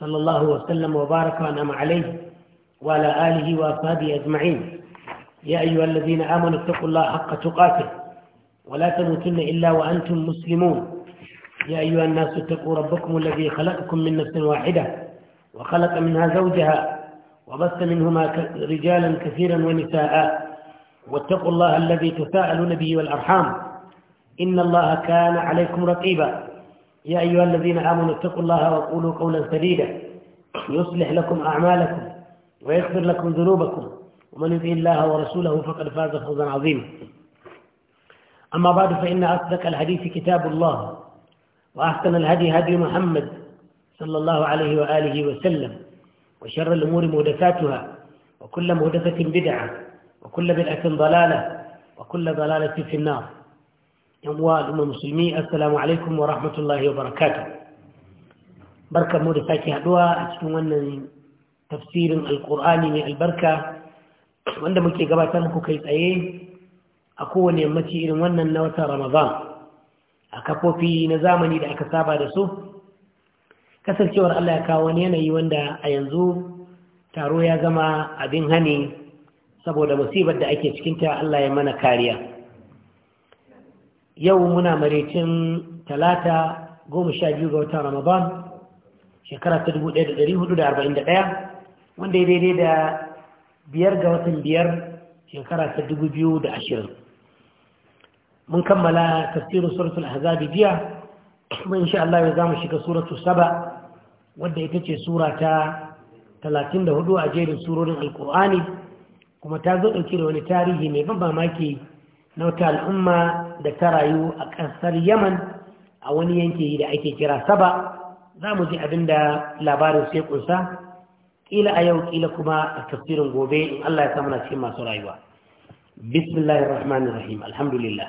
صلى الله وسلم وبارك وأنعم عليه وعلى آله وأصحابه أجمعين يا أيها الذين آمنوا اتقوا الله حق تقاته ولا تموتن إلا وأنتم مسلمون يا أيها الناس اتقوا ربكم الذي خلقكم من نفس واحدة وخلق منها زوجها وبث منهما رجالا كثيرا ونساء واتقوا الله الذي تساءلون به والأرحام إن الله كان عليكم رقيبا يا أيها الذين آمنوا اتقوا الله وقولوا قولا سديدا يصلح لكم أعمالكم ويغفر لكم ذنوبكم ومن يطع الله ورسوله فقد فاز فوزا عظيما أما بعد فإن أصدق الحديث كتاب الله وأحسن الهدي هدي محمد صلى الله عليه وآله وسلم وشر الأمور مهدفاتها وكل مهدفة بدعة وكل بدعة ضلالة وكل ضلالة في النار yan uwa al'umma musulmi assalamu alaikum wa rahmatullahi wa barkar mu da sake haduwa a cikin wannan tafsirin alkur'ani mai albarka wanda muke gabatar muku kai tsaye a kowane yammaci irin wannan na watan ramadan a kafofi na zamani da aka saba da su kasancewar allah ya kawo wani yanayi wanda a yanzu taro ya zama abin hani saboda musibar da ake cikinta allah ya mana kariya yau muna maraicin talata goma sha biyu ga watan ramadan shekara ta dubu ɗaya da ɗari hudu da arba'in da ɗaya wanda ya daidai da biyar ga watan biyar shekara ta dubu biyu da ashirin mun kammala tafsirin suratul ahzabi jiya kuma insha Allah ya zamu shiga suratu saba wadda ita ce sura ta talatin da hudu a jerin surorin alkur'ani kuma ta zo ɗauke da wani tarihi mai ban mamaki na wata al'umma da ta rayu a ƙasar yaman a wani yanki da ake kira saba za mu ji abin da labarin sai kunsa ƙila a yau ƙila kuma a tafsirin gobe in Allah ya samu na cikin masu rayuwa bismillahir rahmanir rahim alhamdulillah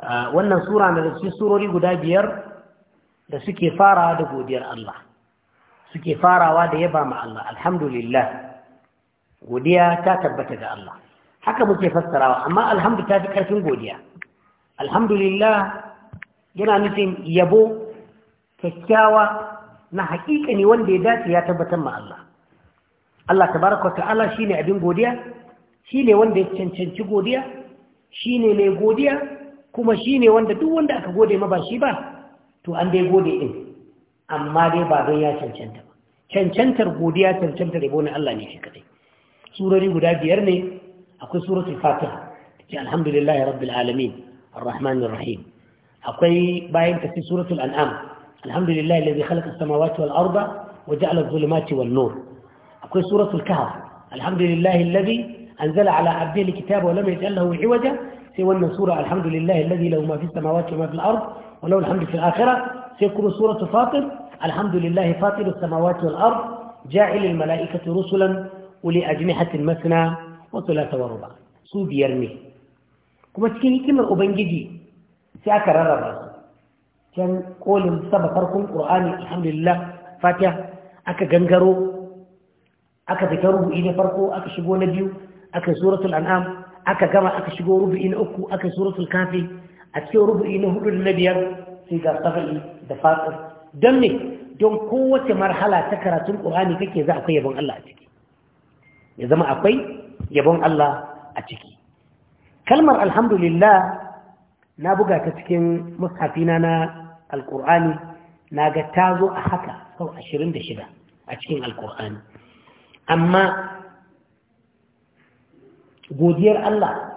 Ah, wannan sura na da surori guda biyar da suke farawa da godiyar Allah suke farawa da yaba ma Allah alhamdulillah godiya ta tabbata ga Allah haka muke fassarawa amma alhamdu ta fi ƙarfin godiya alhamdulillah yana nufin yabo kyakkyawa na haƙiƙa ne wanda ya dace ya tabbatar ma Allah Allah tabaraka ta'ala shine abin godiya shine wanda ya cancanci godiya shine mai godiya kuma shi ne wanda duk wanda aka gode ma ba shi ba to an dai gode ɗin amma dai ba don ya cancanta ba cancantar godiya cancantar rabo na Allah ne shi kadai surori guda biyar ne akwai suratul fatiha ce alhamdulillahi rabbil alamin arrahmanir rahim akwai bayan ta sai suratul an'am alhamdulillahi alladhi khalaqa as-samawati wal arda wa ja'ala adh-dhulumati wan nur akwai suratul kahf alhamdulillahi alladhi anzala ala abdihi al-kitaba wa lam yaj'al lahu 'iwaja sai wannan sura alhamdulillah alladhi lahu ma fis samawati wa ma fil ard wa lahu alhamdu fil akhirah sai kuma suratu fatir alhamdulillahi fatir as-samawati wal ard ja'il al mala'ikati rusulan uli ajnihatin masna wa thulatha wa ruba su biyar ne kuma cikin hikimar ubangiji sai aka rarraba su can kolin saba farkon ƙur'ani alhamdulillah fatiha aka gangaro aka fita rubu'i na farko aka shigo na biyu aka suratul an'am aka gama aka shigo rubu'i na uku aka suratul kafi a cikin rubu'i na hudu da na biyar sai ga saba'i da fatsir don ne don kowace marhala ta karatun ƙur'ani kake za akwai yabon Allah a ciki ya zama akwai yabon Allah a ciki kalmar alhamdulillah na buga ta cikin mushafina na alƙur'ani na ga ta zo a haka sau ashirin da shida a cikin alƙur'ani amma godiyar Allah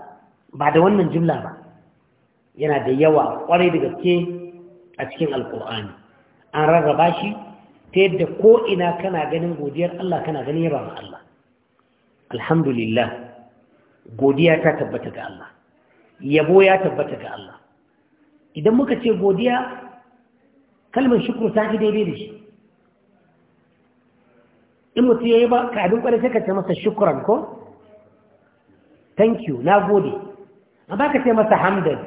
ba da wannan jumla ba yana da yawa kwarai da gaske a cikin alkur'ani an rarraba shi ta yadda ko'ina kana ganin godiyar Allah kana ganin yaba ma Allah alhamdulillah godiya ta tabbata ga Allah yabo ya tabbata ga Allah idan muka ce godiya kalmar shukuru ta fi daidai da shi in mutu ya yi ba ka abin kwarai sai ka ce masa shukuran ko thank you na gode ba ka ce masa hamdan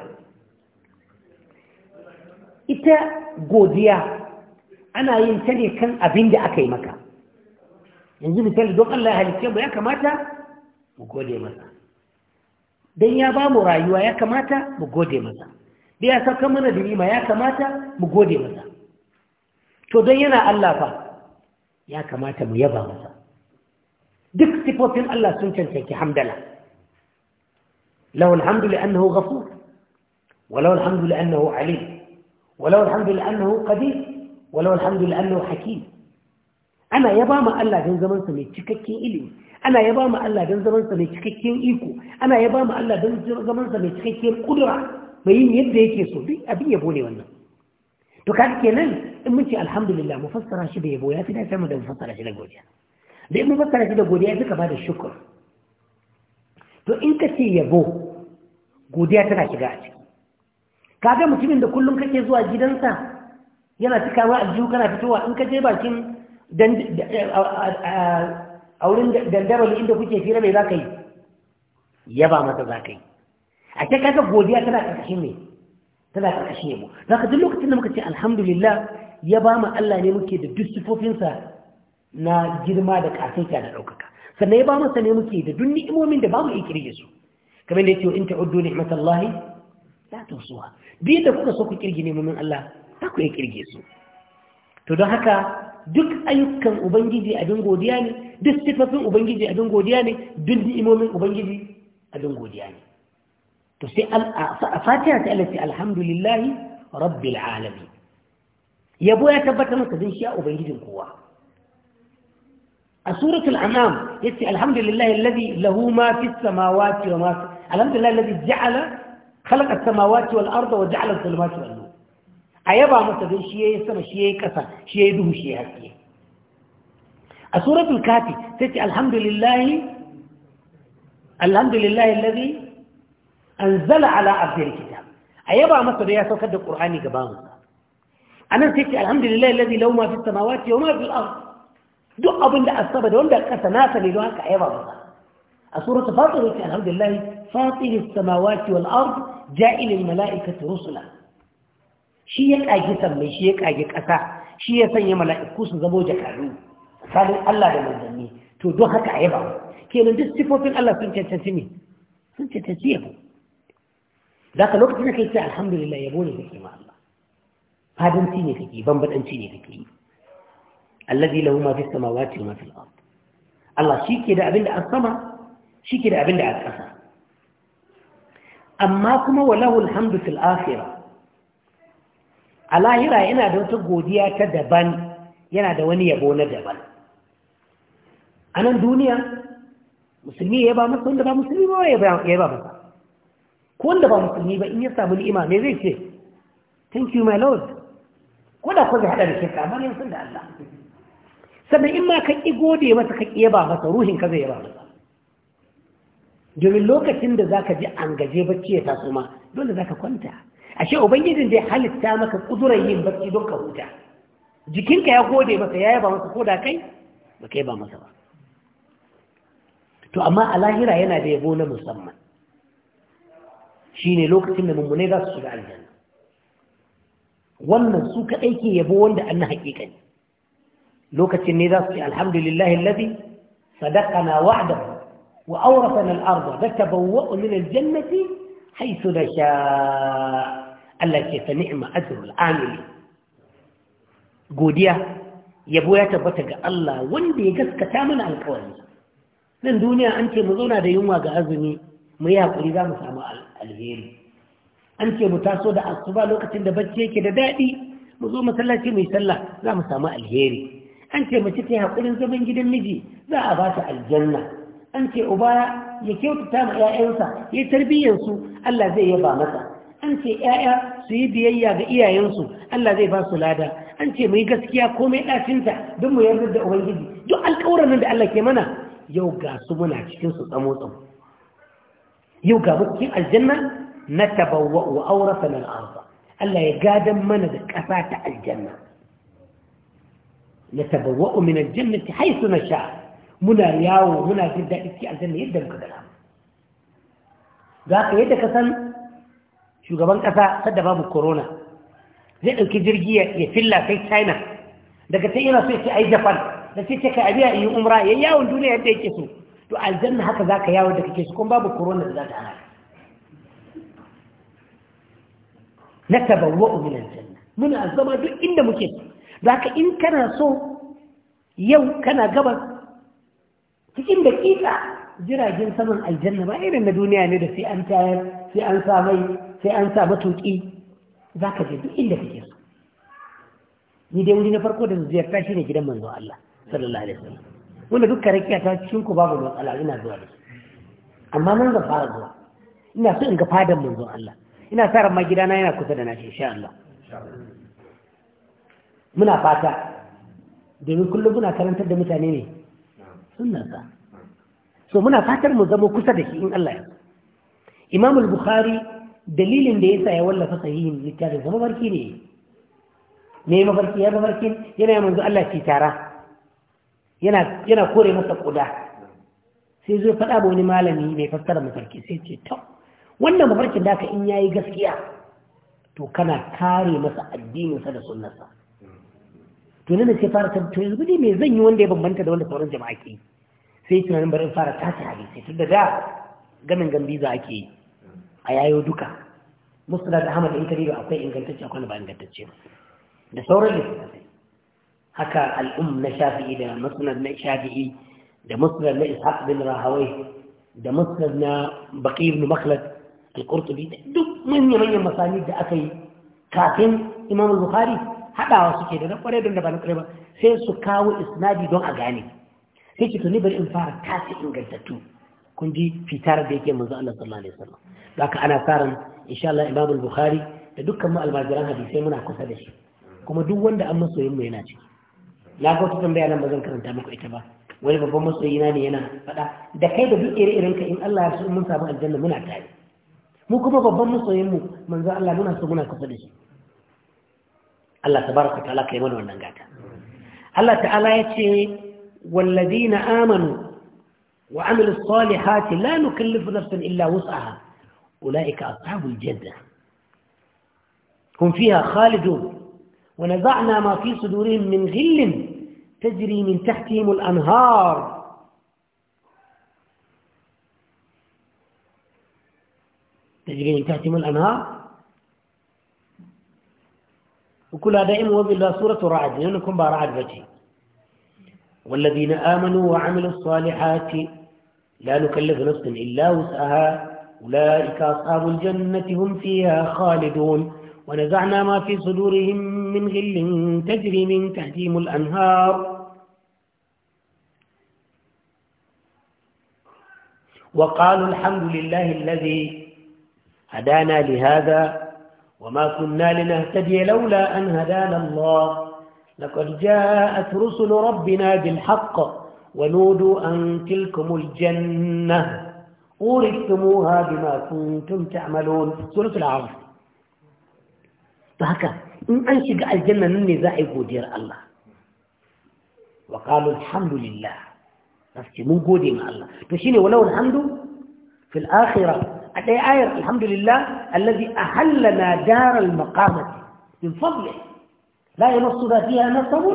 ita godiya ana yin ta ne kan abin da aka yi maka yanzu misali don Allah ya halicce mu ya kamata mu gode masa don ya ba mu rayuwa ya kamata mu gode masa da ya sauka mana da rima ya kamata mu gode masa to don yana Allah fa ya kamata mu yaba masa duk sifofin Allah sun cancanci hamdala له الحمد لأنه غفور ولو الحمد لأنه عليم ولو الحمد لأنه قدير ولو الحمد لأنه حكيم أنا يبا ما ألا دين زمن سمي تككين إلي أنا يبا ما ألا دين زمن سمي تككين إيكو أنا يبا ما ألا دين زمن سمي تككين قدرة ما يم يبدأ يكيسو بي أبي يبوني وانا تكاد كنان إمتي الحمد لله مفسر عشي بيبو يا فينا سامد مفسر عشي لقود يا مفسر عشي لقود يا ذكا الشكر تو إنك سي يبو godiya tana shiga a ciki kaga mutumin da kullum kake zuwa gidansa yana cikawa a aljihu kana fitowa in ka je bakin a wurin inda kuke fira mai za ka yi yaba mata za ka yi a ce kaga godiya tana ƙarƙashin ne tana ƙarƙashin yabo za ka duk lokacin da muka ce alhamdulillah ya ba mu Allah ne muke da duk na girma da ƙasaita da ɗaukaka sannan ya ba masa ne muke da duk ni'imomin da babu iya kirge su kamar da yake in ta'uddu ni'matallahi la tuhsuha bi da kuka so ku kirgi ne mumin Allah ta ku iya kirge su to don haka duk ayyukan ubangiji abin godiya ne duk sifafin ubangiji abin godiya ne duk ni'imomin ubangiji abin godiya ne to sai fatiha ta alati alhamdulillahi rabbil alamin yabo ya tabbata masa din sha ubangijin kowa a suratul anam yace alhamdulillahi alladhi lahu ma fis samawati wa ma alhamdulillah alladhi ja'ala khalaqa as-samawati wal arda wa ja'ala as-zulumati wal nur ayaba masa dai shi yayi sama shi yayi kasa shi yayi duhu shi yayi haske a suratul kafi sai ce alhamdulillah alhamdulillah alladhi anzala ala abdihi kitab ayaba masa da ya saukar da qur'ani gaban mu anan sai ce alhamdulillah alladhi lahu ma fi samawati wa ma fi al duk abinda asaba da wanda kasa nasa ne don haka ayaba masa a فاطر السماوات والأرض جائل الملائكة رسلا shi ya ƙage sammai shi ya ƙage ƙasa shi ya sanya mala'iku su zamo jakaru tsakanin Allah da manzanni to don haka a yaba kenan duk sifofin Allah sun cancanci ne sun cancanci yabo da ka lokacin kai ce alhamdulillah yabo ne kake ma Allah fadanci ne kake bambadanci ne kake yi alladhi lahu ma fis samawati wa ma fil ard Allah shi ke da a sama shi ke da ƙasa amma kuma walahu alhamdu fil akhirah a lahira yana da wata godiya ta daban yana da wani yabo na daban a nan duniya musulmi ya ba masa wanda ba musulmi ba ya ba masa ko wanda ba musulmi ba in ya samu ni'ima ne zai ce thank you my lord ko da ko zai hada da shirka amma ne san da Allah sannan in ma ka ki gode masa ka ki yaba masa ruhin ka zai yaba masa domin lokacin da zaka ji an gaje bacci ya taso ma dole zaka kwanta ashe ubangijin zai halitta maka kudurar yin bacci don ka huta jikinka ya gode maka ya yaba masa koda kai ba kai ba masa ba to amma a lahira yana da yabo na musamman shine lokacin da mummune za su shiga aljanna wannan su kaɗai ke yabo wanda an na haƙiƙa ne lokacin ne za su ce alhamdulillahi ladi sadaqana wa'dahu وأورثنا الأرض فتبوأ من الجنة حيث نشاء التي فنعم أجر العامل godiya yabo ya tabbata ga Allah wanda ya gaskata mana alƙawari nan duniya an ce mu zauna da yunwa ga azumi mu yi haƙuri za mu samu alheri an ce mu taso da asuba lokacin da bacci yake da daɗi mu zo masallaci mu yi sallah za mu samu alheri an ce mace ta yi haƙurin zaman gidan miji za a ba aljanna an ce uba ya kyautata ma 'ya'yansa ya tarbiyyarsu Allah zai yaba masa an ce 'ya'ya su yi biyayya ga iyayensu Allah zai ba su lada an ce mu yi gaskiya komai ɗacinta don mu yarda da ubangiji duk alƙawuran da Allah ke mana yau ga su muna cikin su tsamo tsamo yau ga mu aljanna na tabawwa wa aurasa na al'arfa Allah ya gadan mana da ƙasa ta aljanna na tabawwa min haisu na sha. muna yawo muna jin daɗi cikin aljanna yadda muka gana za ka yadda ka san shugaban ƙasa sadda babu korona zai ɗauki jirgi ya filla kai china daga ta yana so ya ce ai japan da sai ce ka a yi umra ya yawon duniya yadda yake so to aljanna haka za ka yawon da kake so kuma babu corona da za ta hana na tabawa min aljanna muna zama duk inda muke za ka in kana so yau kana gabas cikin daƙiƙa jiragen saman aljanna ba irin na duniya ne da sai an tayar sai an sa mai sai an sa matuƙi za ka je duk inda kake so ni dai wuri na farko da ziyarta shi ne gidan manzo Allah sallallahu alaihi wasallam wanda duk karakiya ta cikin ku babu matsala ina zuwa da amma nan da fara zuwa ina so in ga fadan manzo Allah ina sa ran ma gidana yana kusa da na shi insha Allah muna fata domin kullum muna karantar da mutane ne sunnarsa so muna fatar mu zama kusa da shi in Allah ya Imam al-Bukhari dalilin da ya sa ya wallafa sahihin littafin sa barki ne ne mafarki ya mafarkin yana yi manzo Allah ci tara yana kore masa kuda sai zai faɗa ba wani malami mai fassara mafarki sai ce to wannan mafarkin da ka in yayi gaskiya to kana kare masa addininsa da sunnarsa to nan sai fara to yanzu dai me zan yi wanda ya bambanta da wanda sauran jama'a ke sai tunanin bari fara tace hadisi tun da da gamin gambiza ake yi a yayo duka da ahmad in kariba akwai ingantacce akwai ba ingantacce da sauran littattafai haka al'um na shafi'i da musulun na shafi'i da musulun na ishaq bin rahawai da musulun na baqi ibn makhlad al-qurtubi duk manya manyan masani da aka yi kafin imam al-bukhari haɗawa suke da na ƙware don da ba na ƙware ba sai su kawo isnadi don a gane sai ki tuni bari in fara tasi ingantattu kun ji fitar da yake manzo Allah sallallahu alaihi wasallam haka ana tsarin insha Allah Imam al-Bukhari da dukkan mu almajiran hadisai muna kusa da shi kuma duk wanda an masoyin mu yana ciki na ga wata tambaya nan ba karanta muku ita ba wani babban masoyi na ne yana faɗa da kai da duk ire-iren ka in Allah ya so mun samu aljanna muna tare mu kuma babban masoyin mu manzo Allah muna so muna kusa da shi Allah tabaraka ta'ala kai mana wannan gata Allah ta'ala yace walladina amanu wa amilus salihati la nukallifu nafsan illa wus'aha ulaika ashabul jannah هم فيها خالدون ونزعنا ما في صدورهم من غل تجري من تحتهم الأنهار تجري من تحتهم الأنهار وكلها دائما وبالله سورة رعد لأنكم بارع بجي والذين آمنوا وعملوا الصالحات لا نكلف نفسا إلا وسعها أولئك أصحاب الجنة هم فيها خالدون ونزعنا ما في صدورهم من غل تجري من تحتهم الأنهار وقالوا الحمد لله الذي هدانا لهذا وما كنا لنهتدي لولا أن هدانا الله لقد جاءت رسل ربنا بالحق ونودوا أن تلكم الجنة أورثتموها بما كنتم تعملون سورة العرف فهكا إن أنشق الجنة من ذائق دير الله وقالوا الحمد لله نفسي من قودي مع الله تشيني ولو الحمد في الآخرة أتي آية الحمد لله الذي أهلنا دار المقامة من فضله لا يمصنا فيها نصب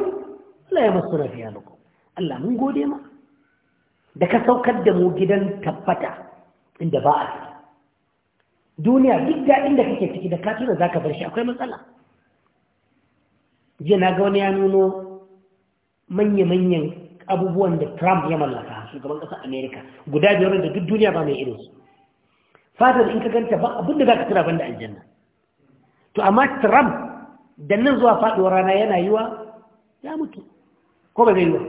لا يمصنا فيها لكم ألا من قديمة دك سو كدمو جدا تبتا عند باعث دنيا جدا عندك تكتك دكاتنا ذاك برشا أكوية مسألة جينا قوني أنونو من يمين أبو بوان ترامب يملكها شو قبل قصة أمريكا قدادي يرون دك الدنيا بامي إلوسو fatar in ka ganta ba abin da za ka tura banda aljanna to amma trump da nan zuwa faɗuwar rana yana yiwa ya mutu ko ba zai yiwa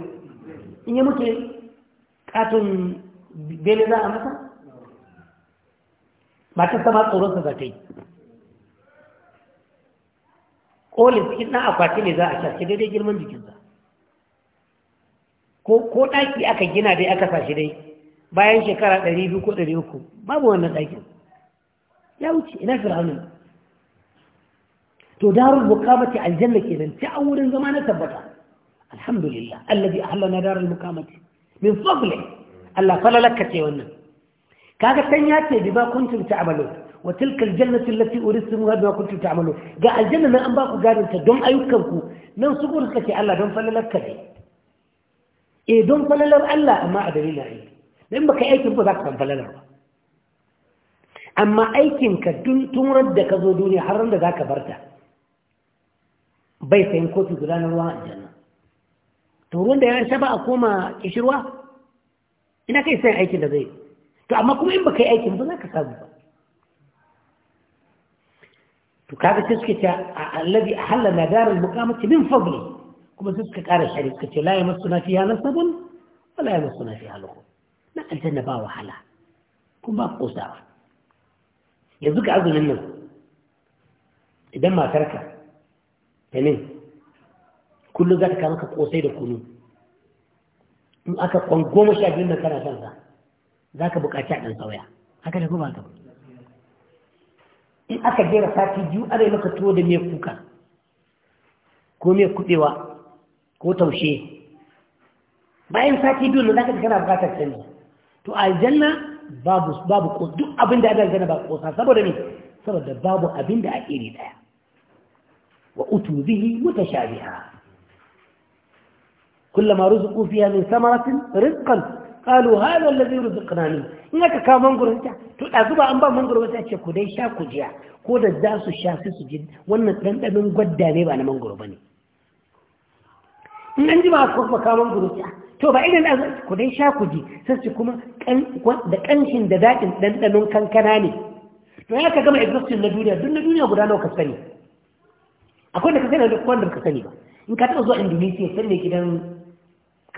in ya mutu katon bele za a masa matar sama tsoronsa za ta yi kolin cikin ɗan akwati ne za a shashi daidai girman jikinsa ko ɗaki aka gina dai aka sashi dai bayan shekara ɗari biyu ko ɗari uku babu wannan ɗakin ya wuce ina fir'aunin to darul muqamati aljanna kenan ta wurin zama na tabbata alhamdulillah a alladhi na darul muqamati min fadli Allah falalaka ce wannan kaga san ya ce bi ba ta amalo, wa tilka aljannatu allati uristumuha bima ta amalo, ga aljanna nan an ba ku gadon ta don ayyukan ku nan su ku ce Allah don falalaka ce eh don falalar Allah amma a dalilin ayyuka don baka aikin ba za ka san falalar ba amma aikinka tun da ka zo duniya har da za ka barta bai sayin kofi gudanarwa a janna to ruwan da ya sha ba a koma kishirwa ina kai sayin aikin da zai to amma kuma in baka yi aikin ba za ka samu ba to kaga sai suke ta allazi ahalla madaral muqamati min fadli kuma sai suka kara shari'a suka ce la yamassuna fiha nasabun wala yamassuna fiha lughub na aljanna ba wahala kuma ba kosawa yanzu ga azumin nan idan matarka tanin kullum za ta kama ka kosai da kunu in aka kwan goma sha biyun nan kana son sa za ka buƙaci a ɗan sauya haka da kuma ka in aka jera sati biyu ana maka tuwo da mai kuka ko mai kuɓewa ko taushe bayan sati biyu nan za ka kana buƙatar canji to aljanna babu babu ko duk abin da aka aljanna ba kosa saboda ne saboda babu abin da ake iri daya wa utu bihi mutashabiha kullama ruzuqu fiha min samaratin rizqan qalu hadha alladhi ruzqna min in aka kawo mangoro ta to da zuba an ba mangoro sai ce ku dai sha ku jiya ko da za su sha su su ji wannan dan dan gwadda ne ba na mangoro bane in an ji ba ku ka mangoro ta to ba irin ku dai sha ku ji sai ci kuma da kanshin da daɗin ɗanɗanon kankana ne to ya ka gama exhaustion na duniya duk na duniya guda nawa ka sani akwai da ka sani da wanda ka sani ba in ka taɓa zuwa indonesia sai ne gidan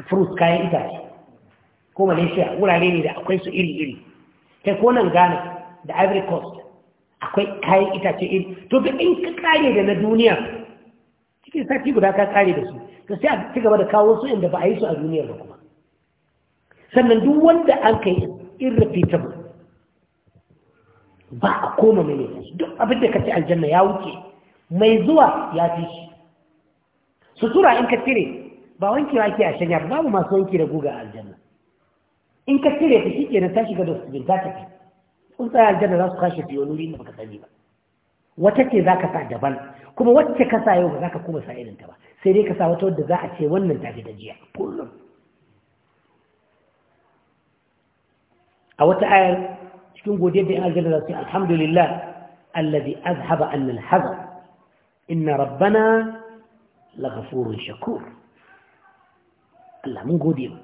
fruit kayan itace ko malaysia wurare ne da akwai su iri-iri kai ko nan ghana da ivory coast akwai kayan itace iri to duk in ka kare da na duniya cikin sati guda ka kare da su to sai a ci gaba da kawo su inda ba a yi su a duniyar ba kuma sannan duk wanda an kai irrefutable ba a koma mene duk abin da ka ci aljanna ya wuce mai zuwa ya fi shi sutura in ka cire ba wanki ake a shanya babu masu wanki da guga aljanna in ka cire ta shi kenan ta shiga da su ta tafi kun tsaya aljanna za su kashe fiye wani wuri da baka sani ba wata ce za ka sa daban kuma wacce ka sa yau ba za ka kuma sa irin ta ba sai dai ka sa wata wadda za a ce wannan ta fi da kullum a wata ayar cikin godiyar da yan aljanna za su yi alhamdulillah alladhi azhaba anna al inna rabbana laghafurun shakur Allah mun gode mu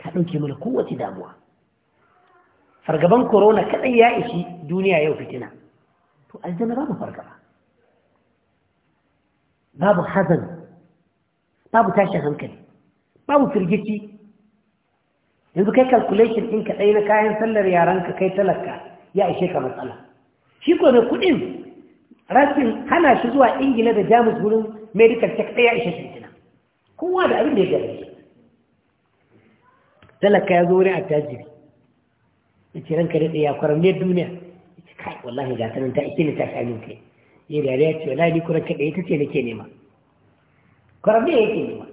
ka dauke mana kowace damuwa fargaban corona kaɗai ya ishi duniya yau fitina to aljanna ba mu fargaba babu hazan babu tashin hankali babu firgici yanzu kai calculation ka dai na kayan sallar yaranka kai talaka ya ishe ka matsala shi ko ne kuɗin rashin hana shi zuwa ingila da jamus wurin medical check ɗaya ishe tuntuna kowa da abin da ya gari talaka ya zo wurin attajiri ya ce ranka da ya kwarar ne duniya ya ce kai wallahi ga sanin ta ishe ne ta shi amin kai ya ya ce wala ni kuran kaɗa ita ce nake nema kuran ne yake nema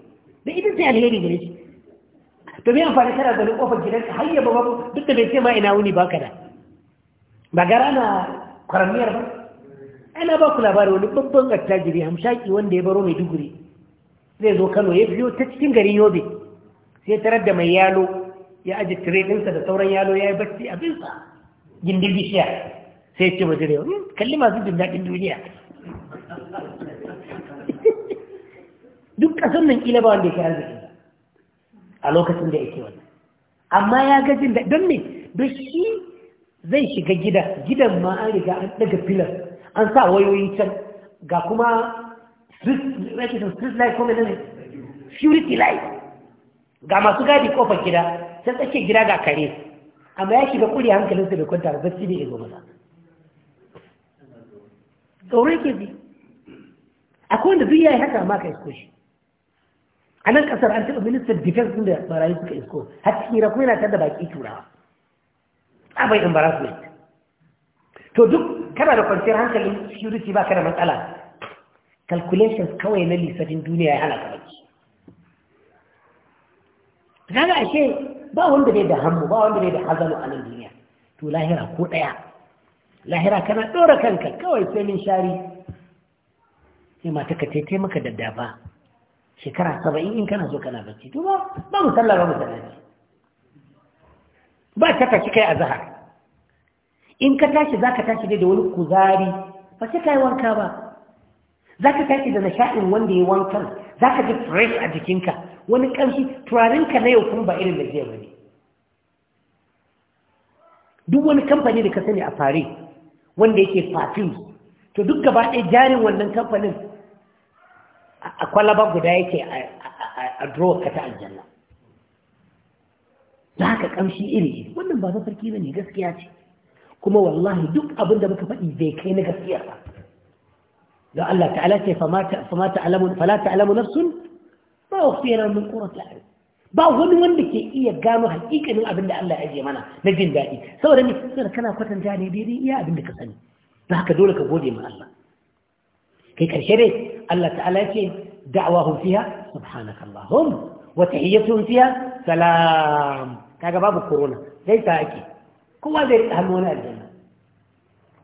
da ita ce alheri gare shi to me amfani kana ganin kofar gidan har yaba babu duk da bai ce ma ina wuni ba ka da ba gara na kwaramiyar ba ana ba ku labari wani babban attajiri hamshaki wanda ya baro mai duguri zai zo kano ya biyo ta cikin garin yobe sai tarar da mai yalo ya aji tire ɗinsa da sauran yalo ya yi bacci abinsa gindin bishiya sai ce ba zirewa hmm, kalli masu jin daɗin duniya duk ƙasar nan ƙila ba wanda ya ke arziki a lokacin da ya ke wani. amma ya ga jin don ne don shi zai shiga gida gidan ma an riga an daga filar an sa wayoyi can ga kuma street light kuma ne security light ga masu gadi kofar gida sai tsakiyar gida ga kare amma ya shiga kuri hankalinsa da kwanta da sai da ya zo masa tsoro ke bi akwai wanda duk yi haka ma ka isko shi a nan kasar an taɓa ministan defense din da barayi suka isko har cikin hira kuma yana tada baki turawa tsabai embarrassment to duk kana da kwanciyar hankalin security ba ka da matsala calculations kawai na lissafin duniya ya hana ka baki kaga ashe ba wanda bai da hannu ba wanda bai da hazanu a nan duniya to lahira ko ɗaya lahira kana ɗora kanka kawai sai min shari sai mata ka taitai maka daddafa shekara saba'in in kana so kana bacci to ba ba musalla ba musallaci ba ta tashi kai a zahar in ka tashi za ka tashi dai da wani kuzari ba sai ka yi wanka ba za ka tashi da nasha'in wanda ya wankan za ka ji fresh a jikinka wani turarin ka na yau kuma ba irin da jiya bane duk wani kamfani da ka sani a fare wanda yake perfumes to duk gaba ɗaya jarin wannan kamfanin a kwalaba guda yake a drawer kata ta aljanna za ka kamshi iri wannan ba mafarki ba ne gaskiya ce kuma wallahi duk abin da muka faɗi bai kai na gaskiya ba don Allah ta'ala ce fama ta'alamu nafsun ba wa fiye min ƙorar ta'ala ba wani wanda ke iya gano hakikanin abin da Allah ya ajiye mana na jin daɗi saboda ne saboda kana kwatanta ne daidai iya abin da ka sani don haka dole ka gode ma Allah kai karshe dai Allah ta'ala ya ce da'awahum fiha subhanakallahum wa tahiyyatuhum fiya, salam kaga babu corona dai ta ake kowa zai rika hannu wani aljanna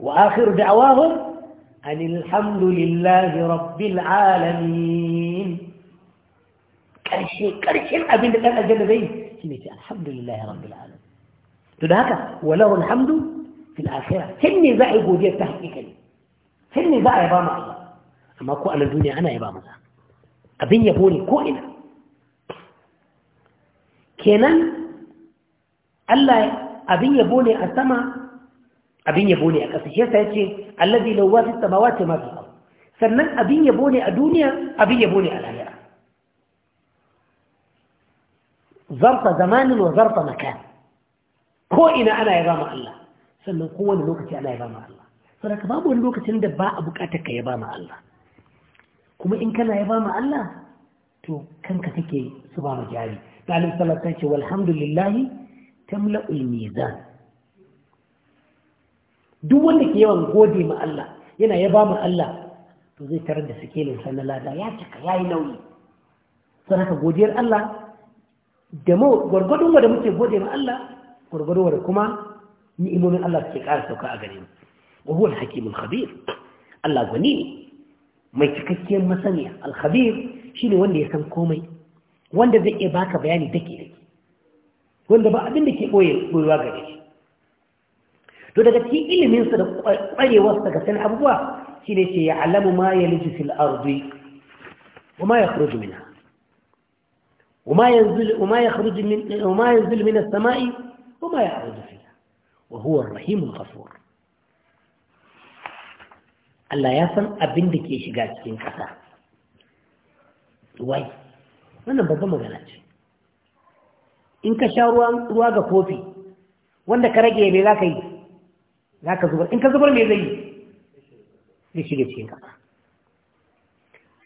wa akhiru da'awahum anil hamdulillahi rabbil alamin ƙarshe ƙarshen abin da ɗan aljanna zai shi ne ce alhamdulillahi rabbil alamin to da haka walahu alhamdu fil akhirah sai ne za a yi godiyar ta hakika ne sai ne za a yaba ma Allah amma ko a nan duniya ana yaba masa abin yabo ne ko ina kenan Allah abin yabo ne a sama abin yabo ne a ƙasa shi yasa yace allazi law wa fis samawati ma fi sannan abin yabo ne a duniya abin yabo ne a zarfa zamanin wa zarfa makan ko ina ana yaba ma Allah sannan kowane lokaci ana yaba ma Allah saboda babu wani lokacin da ba a bukatar ka yaba ma Allah kuma in kana yaba ma Allah to kanka take su ba ma jari dalil sallallahu alaihi wa tamla'ul mizan duk wanda ke yawan gode ma Allah yana yaba ma Allah to zai tarar da sikelin sa na lada ya cika yayi nauyi sai godiyar Allah da gwargwadon da muke bode ma Allah gwargwadon kuma ni'imomin Allah suke ƙara sauka a gare mu wa huwa al-hakimul khabir Allah gwani ne mai cikakkiyar masaniya al-khabir shine wanda ya san komai wanda zai iya baka bayani dake dake wanda ba abin da ke boye boyewa gare shi to daga cikin ilimin sa da kwarewar sa ga sanin abubuwa shine ce ya alamu ma yaliju fil ardi wa ma yakhruju minha وما ينزل وما يخرج من وما ينزل من السماء وما يعرض فيها وهو الرحيم الغفور Allah ya san abin da ke shiga cikin ƙasa wai wannan babban magana ce in ka sha ruwa ga kofi wanda ka rage ne za ka yi in ka zubar mai zai zai shiga cikin ƙasa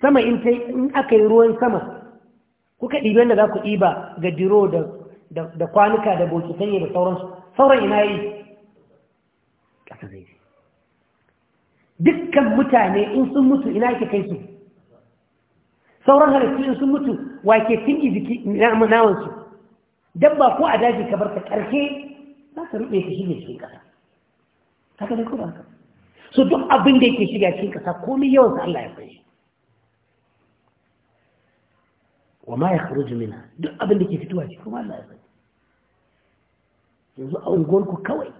sama in aka yi ruwan sama kuka ɗibi wanda za ku ɗiba ga diro da kwanuka da yi da sauransu sauran ina yi ƙasa zai yi dukkan mutane in sun mutu ina ake kai su sauran halittu in sun mutu wake tingi jiki nawansu dabba ko a daji ka bar ta ƙarfe za ka ruɓe ta shige cikin ƙasa haka ne ko ba ka? so duk abin da yake shiga cikin ƙasa komai sa Allah ya san wa ma jimina, minha duk abin da ke fitowa ce kuma Allah ya sani yanzu a unguwarku kawai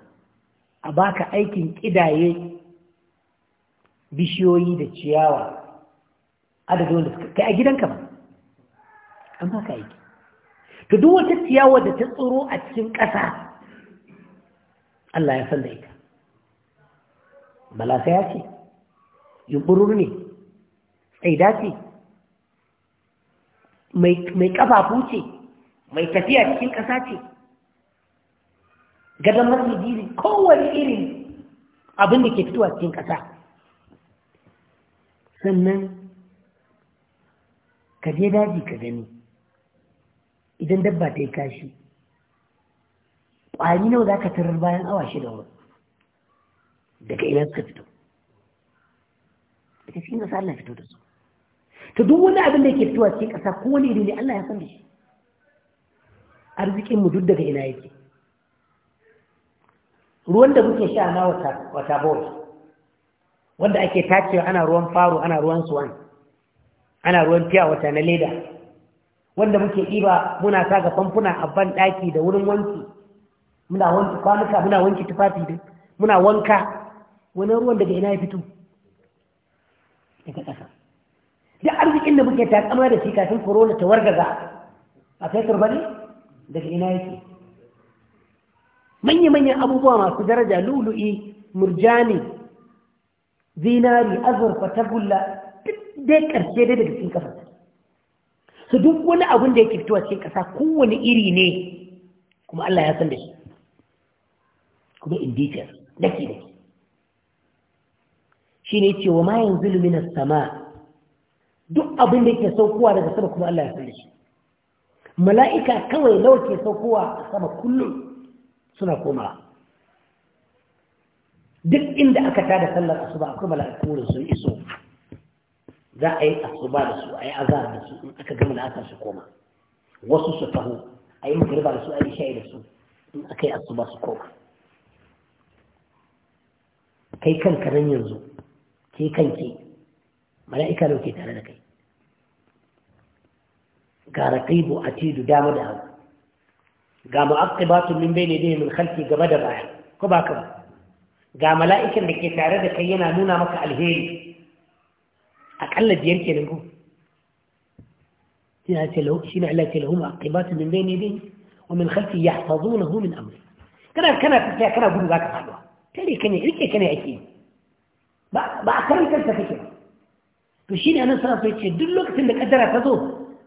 a baka aikin kidaye bishiyoyi da ciyawa adadin wanda suka kai a gidanka ba an baka aiki to duk wata ciyawa da ta tsoro a cikin ƙasa Allah ya san da ita malasa ya ce yumburu ne tsaida ce mai kafafu ce mai tafiya cikin ƙasa ce gadon masjidi ne kowane irin abin da ke fitowa cikin ƙasa sannan ka je daji ka gani idan dabba ta yi kashi ƙwari nawa za ka tarar bayan awa shida wurin daga ina suka fito a cikin ƙasa na fito da su ta duk wani abin da yake fitowa cikin ƙasa ko wani iri ne Allah ya san shi arzikin mu duk daga ina yake ruwan da muke sha na wata wata bowl wanda ake tacewa ana ruwan faro ana ruwan suwan ana ruwan fiya wata na leda wanda muke ɗiba muna sa ga famfuna a ban ɗaki da wurin wanki muna wanki kwanuka muna wanki tufafi muna wanka wani ruwan daga ina ya fito daga ƙasa duk arzikin da muke takama da shi kafin corona ta wargaza a kai turbani daga ina yake manya-manyan abubuwa masu daraja lulu'i murjani zinari azurfa tagulla duk dai karshe dai daga cikin kasa su duk wani abin da yake fitowa cikin kasa kowane iri ne kuma Allah ya san da shi kuma in detail daki daki shi ne cewa ma yanzu lumina sama duk abin da yake saukowa daga sama kuma Allah ya san shi mala'ika kawai nawa ke saukowa a sama kullum suna komawa. duk inda aka tada sallar asuba akwai mala'iku da sun iso za a yi asuba da su a yi azara da su in aka gama la'asar su koma wasu su taho a yi magariba da su a yi sha'i da su in aka yi asuba su koma kai kanka nan yanzu ke kanke mala'ika ne ke tare da kai ga raqibu atidu dama da hagu ga mu'aqibatu min bayni yadayhi min khalfi gaba da baya ko ba ka ba ga mala'ikan da ke tare da kai yana nuna maka alheri akalla biyar kenan ko sina ce lahu ne Allah ce lahu mu'aqibatun min bayni yadayhi wa min khalfi yahfazunahu min amri kana kana tafiya kana gudu zaka faduwa kare kane rike kane ake ba ba karantar ta kake ba to shi ne anan suna so ce duk lokacin da kaddara ta zo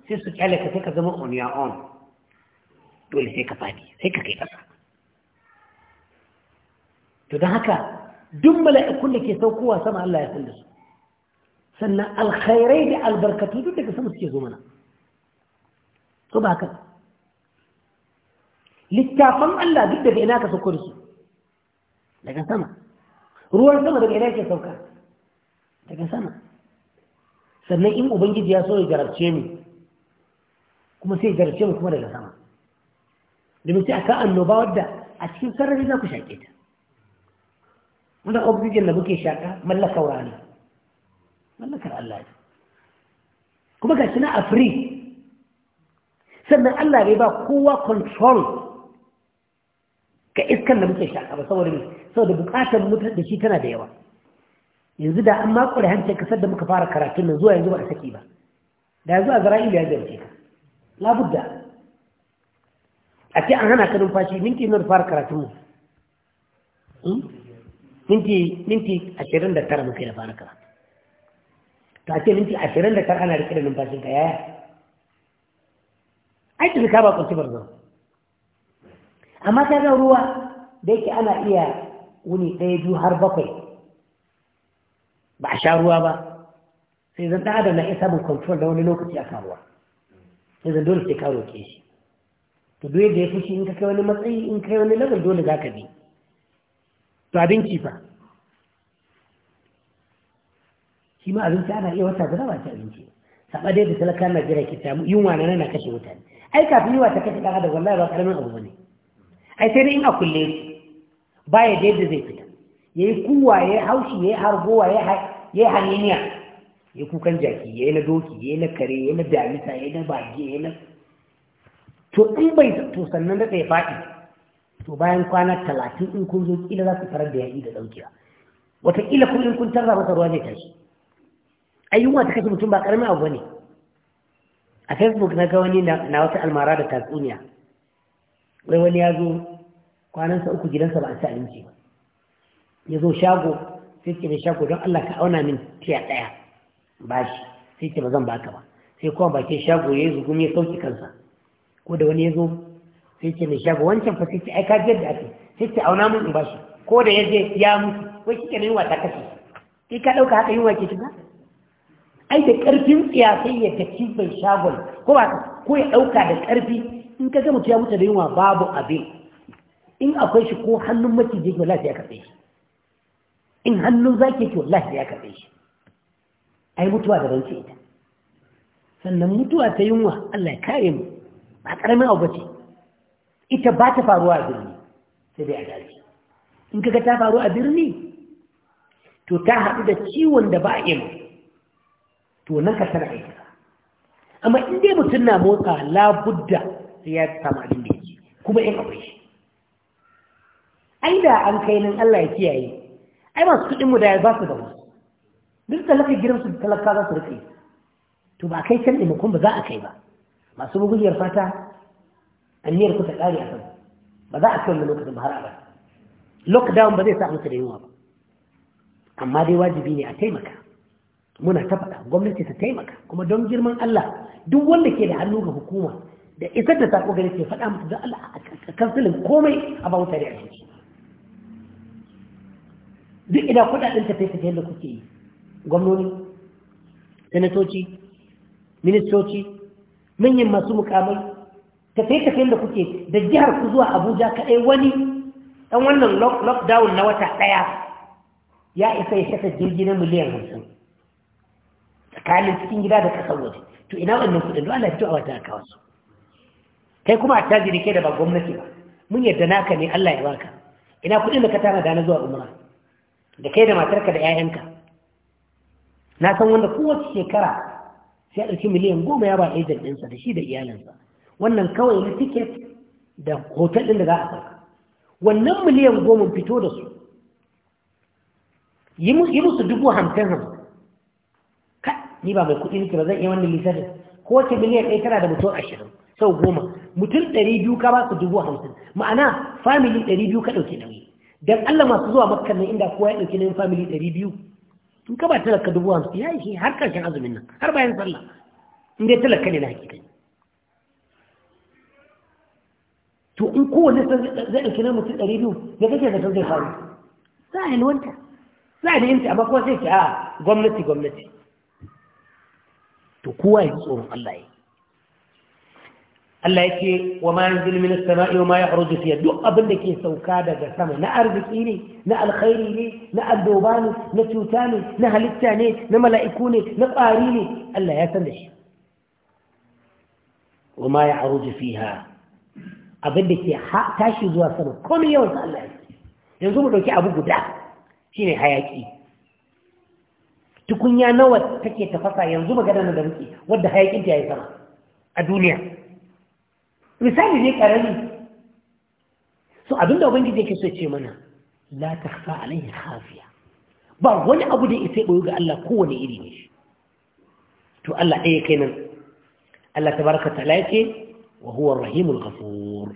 sai su kyale ka sai ka zama on your own dole sai ka fadi sai ka kai ƙasa to don haka duk mala'ikun da ke saukowa sama Allah ya kulle su sannan alkhairai da albarkatu duk daga sama suke zo mana so ba haka littafan Allah duk daga ina ka sauko da su daga sama ruwan sama daga ina ke sauka daga sama sannan in ubangiji ya so ya jarabce mu kuma sai ya jarabce mu kuma daga sama domin sai aka annoba wadda a cikin sarari za ku shaƙe ta wanda oxygen da muke shaƙa mallakar ne, mallakar Allah ne kuma ga shi na a free sannan Allah bai ba kowa control ga iskan da muke shaƙa ba saboda saboda buƙatar mutar da shi tana da yawa yanzu da an da hancin kasar da muka fara karatun nan zuwa yanzu ba a saki ba da yanzu a zara'il ya zarce ka labudda a ce an hana ka numfashi minti da fara karatun mu hmm? minti minti ashirin da tara muka yi da fara karatu ta ce minti ashirin da tara ana rike da numfashin ka yaya aikin ka ba kwanci barzan amma ta ga ruwa da yake ana iya wuni ɗaya biyu har bakwai ba a sha ruwa ba sai zan ɗada na iya samun control da wani lokaci a karuwa sai zan dole sai ka roƙe shi to duk yadda ya fushi in ka kai wani matsayi in kai wani level dole za ka bi to abinci fa shi ma abinci ana iya wata guda ba ta abinci saba dai da talaka na jira ki samu yunwa na na kashe mutane ai kafin yunwa ta kashe ɗan adam wallahi ba ƙaramin abu ba ne ai sai dai in a kulle ba ya da yadda zai fita ya yi kuwa ya yi haushi ya yi hargowa ya yi haniniya ya yi kukan jaki ya yi na doki ya yi na kare ya yi na damisa ya yi na bage ya yi na to in bai to sannan da tsaye faɗi to bayan kwana talatin in kun zo kila za su farar da yaƙi da Wata wataƙila kun in kun tarra masa ruwa zai tashi ayyuwa ta kashe mutum ba ƙaramin abu ne a facebook na ga wani na wata almara da tatsuniya wai wani ya zo kwanansa uku gidansa ba a ci abinci ba ya zo shago sai ce mai shago don Allah ka auna min tiya ɗaya ba shi sai ce ba zan baka ba sai kuma bakin shago ya yi zugun ya sauki kansa ko da wani ya zo sai ce mai shago wancan fa sai ce ai ka yadda ake sai ce auna min in ba shi ko da ya je ya mutu ko shi kenan yunwa ta kashe sai ka ɗauka haka yunwa ke shiga ai da ƙarfin tsiya sai ya tafi bai shagon ko ba ko ya ɗauka da ƙarfi in ka ga mutu ya mutu da yunwa babu abin in akwai shi ko hannun maciji ko lafiya ka tsaye shi in hannu zaki ki wallahi ya kaɗe shi ai mutuwa da rance ita sannan mutuwa ta yunwa Allah ya kare mu ba ƙaramin abu ce ita ba ta faruwa a birni sai dai a daji in kaga ta faru a birni to ta haɗu da ciwon da ba a yin to nan ka tana aiki amma in dai mutum na motsa labudda sai ya samu abin da ya ce kuma in akwai shi ai da an kai nan Allah ya kiyaye ai masu kuɗin mu da ya ba su da wasu duk talaka gidan su talaka za su rike to ba kai can taimakon ba za a kai ba masu buguliyar fata aniyar kusa ƙari a kan ba za a kai wannan lokacin ba har abada lockdown ba zai sa musu da yunwa ba amma dai wajibi ne a taimaka muna ta faɗa gwamnati ta taimaka kuma don girman Allah duk wanda ke da hannu ga hukuma da isar da sako gare ke faɗa musu don Allah a kansilin komai a ba mutane a cikin duk ina kudaden tafiye-tafiyen da kuke yi gwamnoni senatoci, ministoci manyan masu mukamai tafiye-tafiyen da kuke da jihar ku zuwa abuja kaɗai wani ɗan wannan lockdown na wata ɗaya ya isa ya shata jirgi na miliyan hamsin tsakanin cikin gida da ƙasar waje to ina wannan kuɗin don ana fito a wata kawo wasu kai kuma a tajiri kai da ba gwamnati ba mun yarda naka ne allah ya baka ina kuɗin da ka tana da na zuwa umra da kai da matarka da 'ya'yanka na san wanda kowace shekara sai a ɗauki miliyan goma ya ba a yi da shi da iyalinsa wannan kawai na tiket da hotel ɗin da za a saka wannan miliyan goma fito da su yi musu dubu hamsin hamsin ni ba mai kuɗi nake ba zan iya wannan Ko kowace miliyan ɗaya tana da mutum ashirin sau goma mutum ɗari biyu ka ba su dubu hamsin ma'ana famili ɗari biyu ka ɗauki nauyi dan Allah masu zuwa makka nan inda kowa ya dauki nan family 200 in ka ba talaka 50 ya yi har karshen azumin nan har bayan sallah in dai talaka ne na hakika to in kowanne zai dauki nan mutum 200 ya kake da zai faru za a wanta za a yalwanta amma kuma sai ce a ah, gwamnati gwamnati to kowa ya yi tsoron Allah ya yi Allah ya ce wa ma yanzu min as-sama'i wa ma yahruju fiha duk abin da ke sauka daga sama na arziki ne na alkhairi ne na addoba ne na cuta ne na halitta ne na mala'iku ne na ƙwari ne Allah ya san da shi wa ma yahruju fiha abin da ke tashi zuwa sama komai yawan sa Allah ya ce yanzu mu dauki abu guda shine hayaki tukunya nawa take tafasa yanzu magana da muke wanda hayakin ta yayi sama a duniya misali ne karami so abinda ubangiji yake so ce mana la takhfa alaihi khafiya ba wani abu da isai boyo ga Allah kowane iri ne to Allah ɗaya kenan Allah tabaraka ta'ala yake wa huwa rahimul ghafur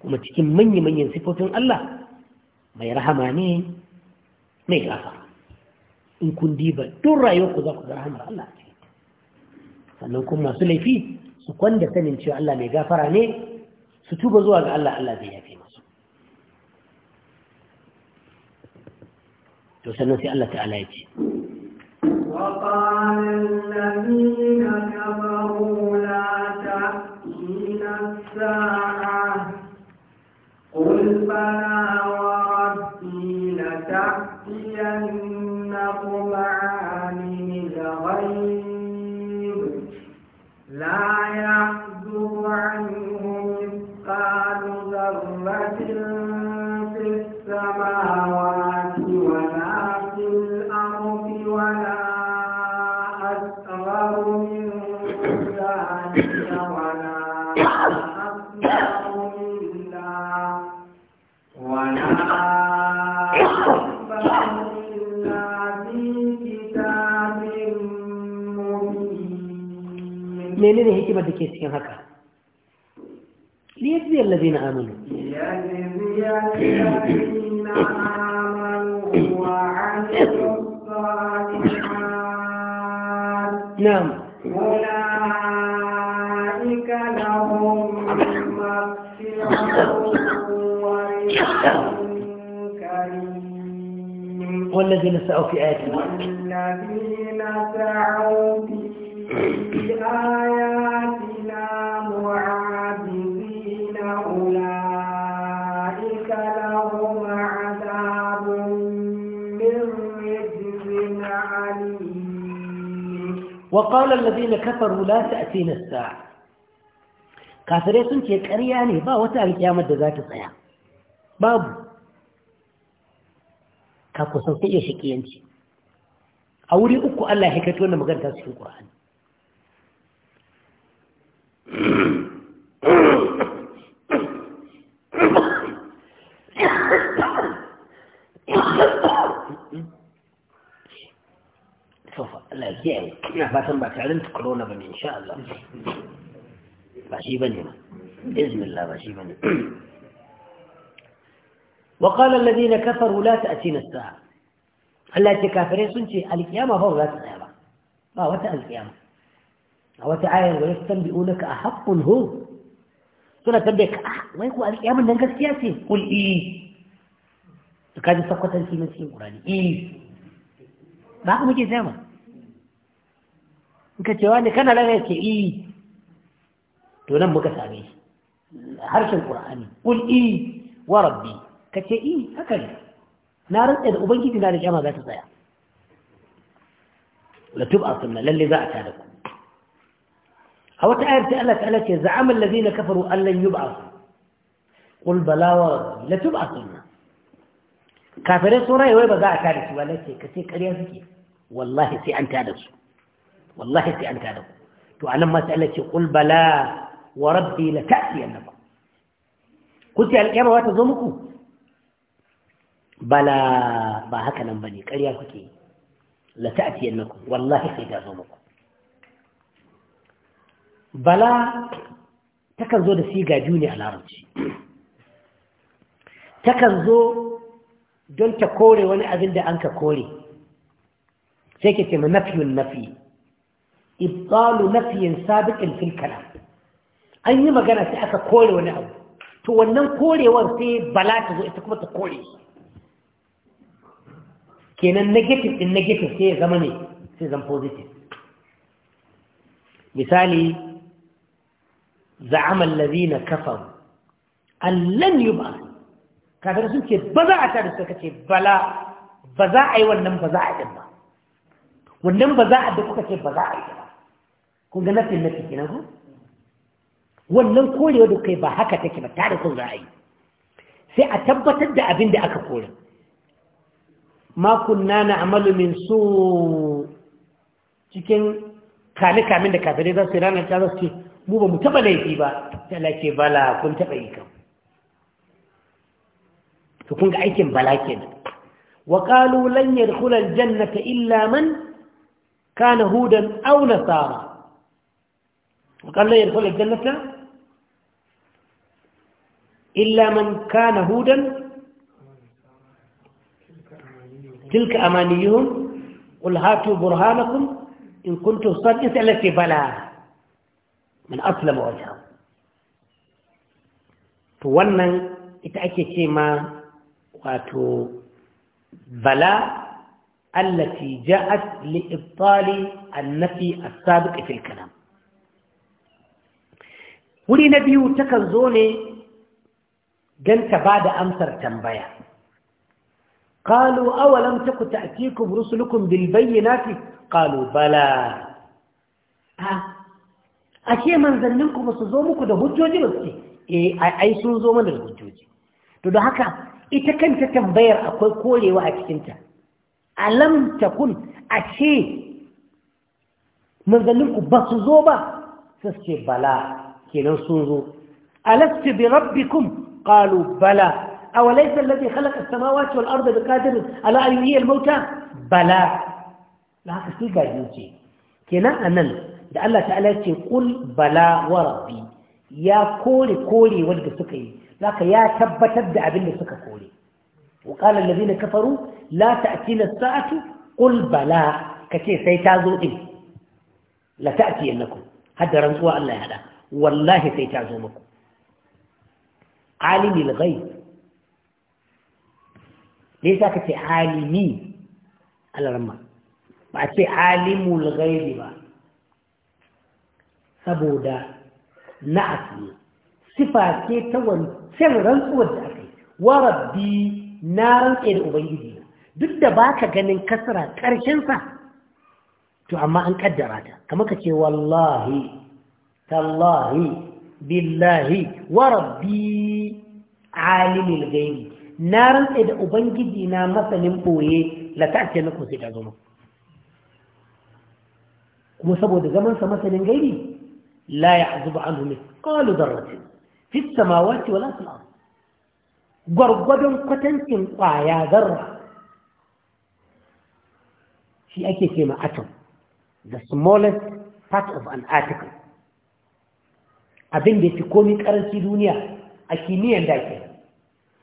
kuma cikin manyan manyan sifofin Allah mai rahama ne mai gafa. in kun diba duk rayuwar ku za ku rahama rahamar Allah sannan kuma masu laifi su kwanda sanin cewa Allah mai gafara ne su tuba zuwa ga Allah Allah zai yafe masu to sannan sai Allah ta'ala ya ce وقال الذين كفروا لا تأتينا الساعة قل بلى وربي لتأتينكم menene hikimar da ke cikin haka ليجزي الذين آمنوا ليجزي الذين آمنوا وعملوا الصالحات نعم أولئك لهم مغفرة والذين سعوا في آياتنا والذين سعوا في بآياتنا معاذبين أولئك لهم عذاب من رجز عليم وقال الذين كفروا لا تأتينا الساعة kafirai sun ce ƙarya ne ba wata alƙiyamar da za ta tsaya babu ka kusan sai ya shaƙiyanci a wuri uku Allah ya kaito na maganta cikin Qur'ani نعم. وقال الذين كفروا لا تأتينا الساعة هلا تكافرين سنتي القيامة هو لا تأتين ما وتأتين القيامة وتعالى ويستنبئونك أحق هو سنة أحق ويقول أليك يا من ننجا سياسي قل إيه تكاد صفقة في نسي القرآني إيه ما هو مجي زيما إنك تواني كان لغا يكي إيه تنم بك سامي حرش القرآن قل إيه وربي كتي إيه هكذا نارا إذا أبنجي دي نارج أما ذات الضياء تبقى صنة للي ذاعتها لكم a wata ayar ta Allah ta'ala ce za'ama allazina kafaru an lan yub'asu qul bala wa la tub'asunna kafirai sun rayuwa ba za a tada su ba lace ka ce ƙarya suke wallahi sai an tada su wallahi sai an tada ku to anan ma sai Allah ce qul bala wa rabbi la ta'tiyannakum kuce alƙiyama wata zo muku bala ba haka nan bane ƙarya kuke la ta'tiyannakum wallahi sai ta zo muku bala takan zo da siga biyu ne a larabci takan zo don ta kore wani abin da an ka kore sai ke ce ma nafiyun nafi ibtalu nafiyin sabiqin fil an yi magana sai aka kore wani abu to wannan korewar sai bala ta zo ita kuma ta kore kenan negative in negative sai ya zama ne sai zan positive misali za'ama allazina kafaru allan yub'a kafir sun ce ba za a ta da suka ce bala ba za a yi wannan ba za a din ba wannan ba za a da kuka ce ba za a yi ba kun ga nafin nafi kenan ko wannan korewa da kai ba haka take ba tare kun za a yi sai a tabbatar da abin da aka kore ma kunna na'malu min su cikin kalikamin da kafirai za su ranar ta za su ce mu ba mu taɓa laifi ba sai Allah bala kun taɓa yi kan to kun ga aikin bala kenan wa qalu lan yadkhula aljannata illa man kana hudan auna tsara. wa qalu lan yadkhula aljannata illa man kana hudan tilka amaniyuhum qul hatu burhanakum in kuntum sadiqin sai Allah bala man aslama wajha to wannan ita ake ce ma wato bala التي جاءت لإبطال النفي السابق في الكلام ولي نبي تكنزوني جنت بعد أمسر تنبيا قالوا أولم تك تأتيكم رسلكم بالبينات قالوا بلى آه ashe manzannin ku ba su zo muku da hujjoji ba su ce eh ai sun zo mana da hujjoji to don haka ita kanta tambayar akwai korewa a cikinta alam takun ashe manzanninku ba su zo ba sai ce bala kenan sun zo alastu bi rabbikum qalu bala aw laysa alladhi khalaqa as-samawati wal arda qadirin ala an yuhyi al-mauta bala la haka su ba yuce kenan anan da Allah ta'ala ce kul bala wa rabbi ya kore kore wanda suka yi zaka ya tabbatar da abin da suka kore wa qala allazina kafaru la ta'tina as-sa'atu qul bala kace sai ta zo din la ta'tiyannakum hadda rantsuwa Allah ya hada wallahi sai ta zo muku alimul ghaib ne yasa kace alimi alaramma ba a ce alimul ghaibi ba saboda na'at ne sifa ce ta wancan rantsuwar da aka yi wa rabbi na rantse da ubangiji duk da ba ka ganin kasara ƙarshensa sa to amma an kaddara ta kamar ka ce wallahi tallahi billahi wa rabbi alimin ghaibi na rantse da ubangiji na masanin boye la ta ce na sai ta kuma saboda zamansa masanin gaibi لا يعذب عنه مثقال ذرة في السماوات ولا في الأرض gwargwadon kwatancin ƙwaya zarra shi ake ce ma atom the smallest part of an article abin da fi komi ƙaranci duniya a kimiyyar da ke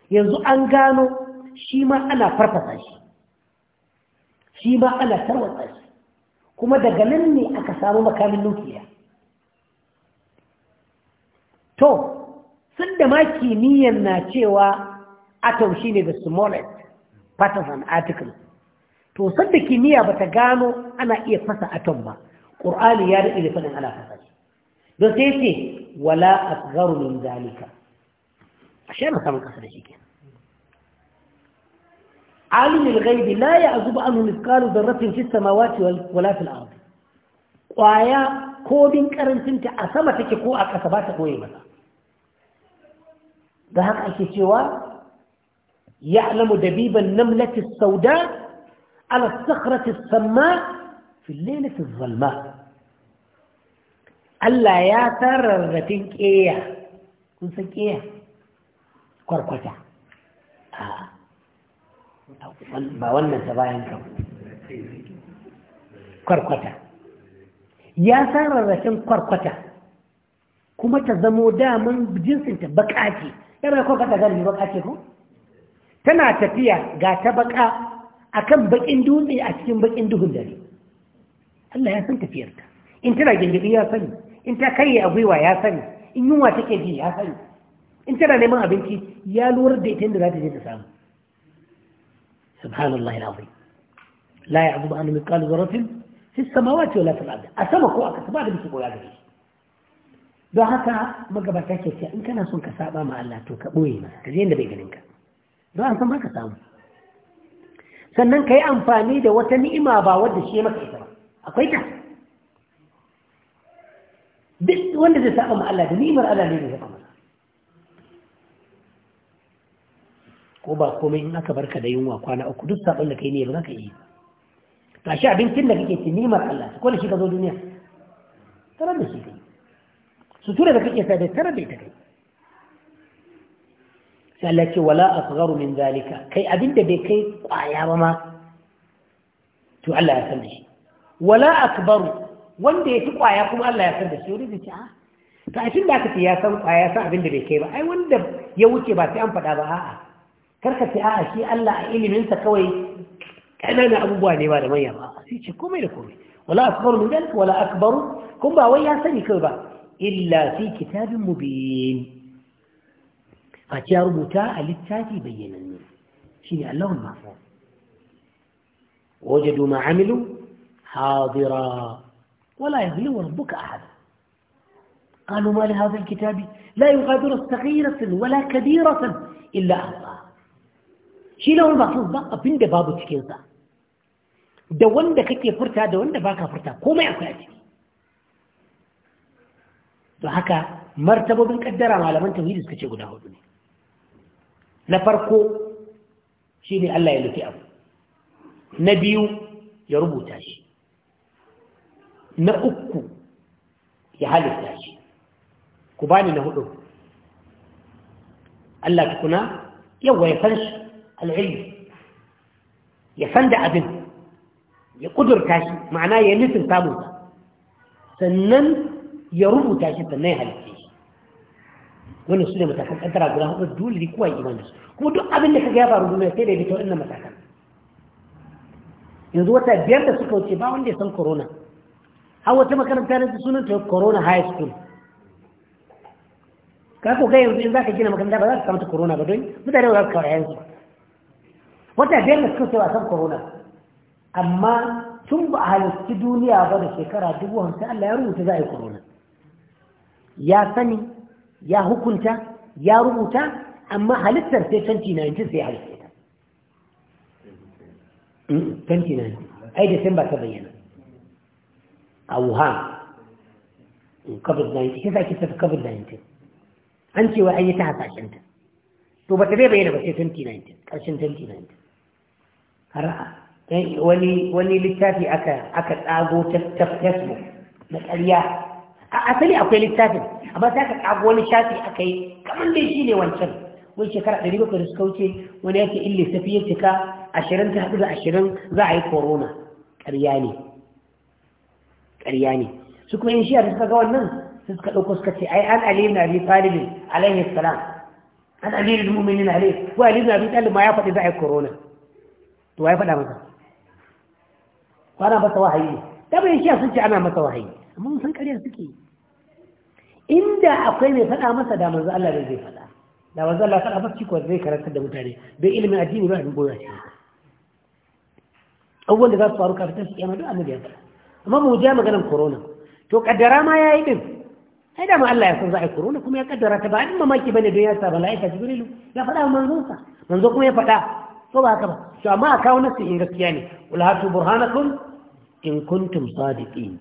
yanzu an gano shi ma ana farfasa shi shi ma ana tarwatsa shi kuma daga nan ne aka samu makamin nukiliya to sun da ma kimiyyar na cewa atom shi ne the smallest part of an article to sun da kimiyya ba ta gano ana iya fasa atom ba ƙur'ani ya daɗe da faɗin ana fasa shi don sai ce wala asgaru min zalika a shi yana samun ƙasa da shi kenan عالم الغيب لا يعزب عنه مثقال ذرة في السماوات ولا في الأرض ƙwaya ko bin karancinta a sama take ko a ƙasa ba ta koye masa da haka ake cewa ya alamu dabiban namlati sauda ala sakhrati samma fi lailati zalma Allah ya tararrafin ƙeya kun san ƙeya kwarkwata ba wannan ta bayan kan kwarkwata ya tsara rashin kwarkwata kuma ta zamo daman jinsinta baka ce rai kwarkwata galibi baka ce ko tana tafiya ga ta baka akan bakin dutse a cikin bakin duhun dare Allah ya san tafiyarta in tana gingiri ya sani in ta kai a gwiwa ya sani in yunwa take ji ya sani in tana neman abinci ya lura da ita inda za ta je ta samu ya alazim la ya'budu an min qali dharratin fi samawati wala fil ardi a sama ko a kasa ba da bisa koya gare shi don haka magabata ke ce in kana son ka saba ma Allah to ka boye masa ka yanda bai ganin ka don an san baka samu sannan ka yi amfani da wata ni'ima ba wadda shi maka ita ba akwai ta duk wanda zai saba ma Allah da ni'imar Allah ne zai saba masa ko ba komai in aka barka da yunwa kwana uku duk sabon da kai ne ba za ka yi ba shi abincin da kake ci nimar Allah ko da shi ka zo duniya tarar da shi kai tura da kake sai da tarar da ita kai sai Allah ce wala asgharu min zalika kai abinda bai kai kwaya ba ma to Allah ya san da shi wala akbaru wanda ya fi kwaya kuma Allah ya san da shi wani zai ce a ah, to a da aka ce ya san kwaya ya san abinda bai kai ba ai wanda ya wuce ba sai an faɗa ba a'a karka ce a'a shi Allah a iliminsa kawai انا أبوان إبادة ما يرى سيكو ميلا كومي ولا أكبر من ذلك ولا أكبر كم با ويا سني كبا إلا في كتاب مبين فتيار بتاء بين بينا شيء الله المحفوظ وجدوا ما عملوا حاضرا ولا يظلم ربك أحد قالوا ما لهذا الكتاب لا يغادر صغيرة ولا كبيرة إلا أحضار shi launin wani ba abin da babu cikinsa da wanda kake furta da wanda baka furta komai akwai a ciki to haka martabobin kaddara malaman tauhidi suka ce guda hudu ne na farko shi ne Allah ya lufi abu na biyu ya rubuta shi na uku ya halitta shi ku bani na hudu Allah tukuna yawa ya san shi al'ilm ya san da abin ya kudurta shi ma'ana ya nufin samunsa sannan ya rubuta shi sannan ya halitta shi wannan su ne matakan kaddara guda hudu dole kuwa imani kuma duk abin da kaga ya faru duniya sai ya fito wannan matakan yanzu wata biyar da suka wuce ba wanda ya san corona har wata makaranta na ta corona high school ka ko ga in zaka gina makaranta ba za ka korona ta corona ba mutane ba za wata biyar da suka ce wasan corona amma tun ba a halittu duniya ba da shekara dubu hamsin Allah ya rubuta za a yi corona ya sani ya hukunta ya rubuta amma halittar sai na yanci sai halitta ta na yanci ai ba ta bayyana a Wuhan hmm, COVID-19 shi sa kisa ta COVID-19 an cewa an yi ta hasashenta to ba ta zai bayyana ba sai 2019 ƙarshen 2019 wani wani littafi aka aka tsago ta facebook na ƙarya a asali akwai littafin amma sai aka tsago wani shafi aka yi kamar dai shi ne wancan wani shekara ɗari bakwai da suka wuce wani yake ille safi ya cika ashirin ta haɗu da ashirin za a yi corona ƙarya ne ƙarya ne su kuma yin shi a suka ga wannan su suka ɗauko suka ce ai an alim na bi talibin alaihi salam an aliyu da mu'minin alaihi ko alim na bi talibin ma ya faɗi za a yi corona to wai faɗa masa fara masa wahayi ne bai shi sun ce ana masa wahayi amma sun san ƙarya suke inda akwai mai faɗa masa da manzo Allah zai faɗa da manzo Allah faɗa masa shi ko zai karanta da mutane bai ilimin addini ba a goya shi abubuwan da za su faru kafin su kiyama duk annabi ya faɗa amma mu ja maganar corona to kaddara ma yayi din ai da ma Allah ya san za a yi corona kuma ya kaddara ta ba in mamaki bane don ya sa mala'ika jibrilu ya faɗa manzon sa manzo kuma ya faɗa ko ba haka ba to amma a kawo nasu in gaskiya ne wal burhanakum in kuntum sadiqin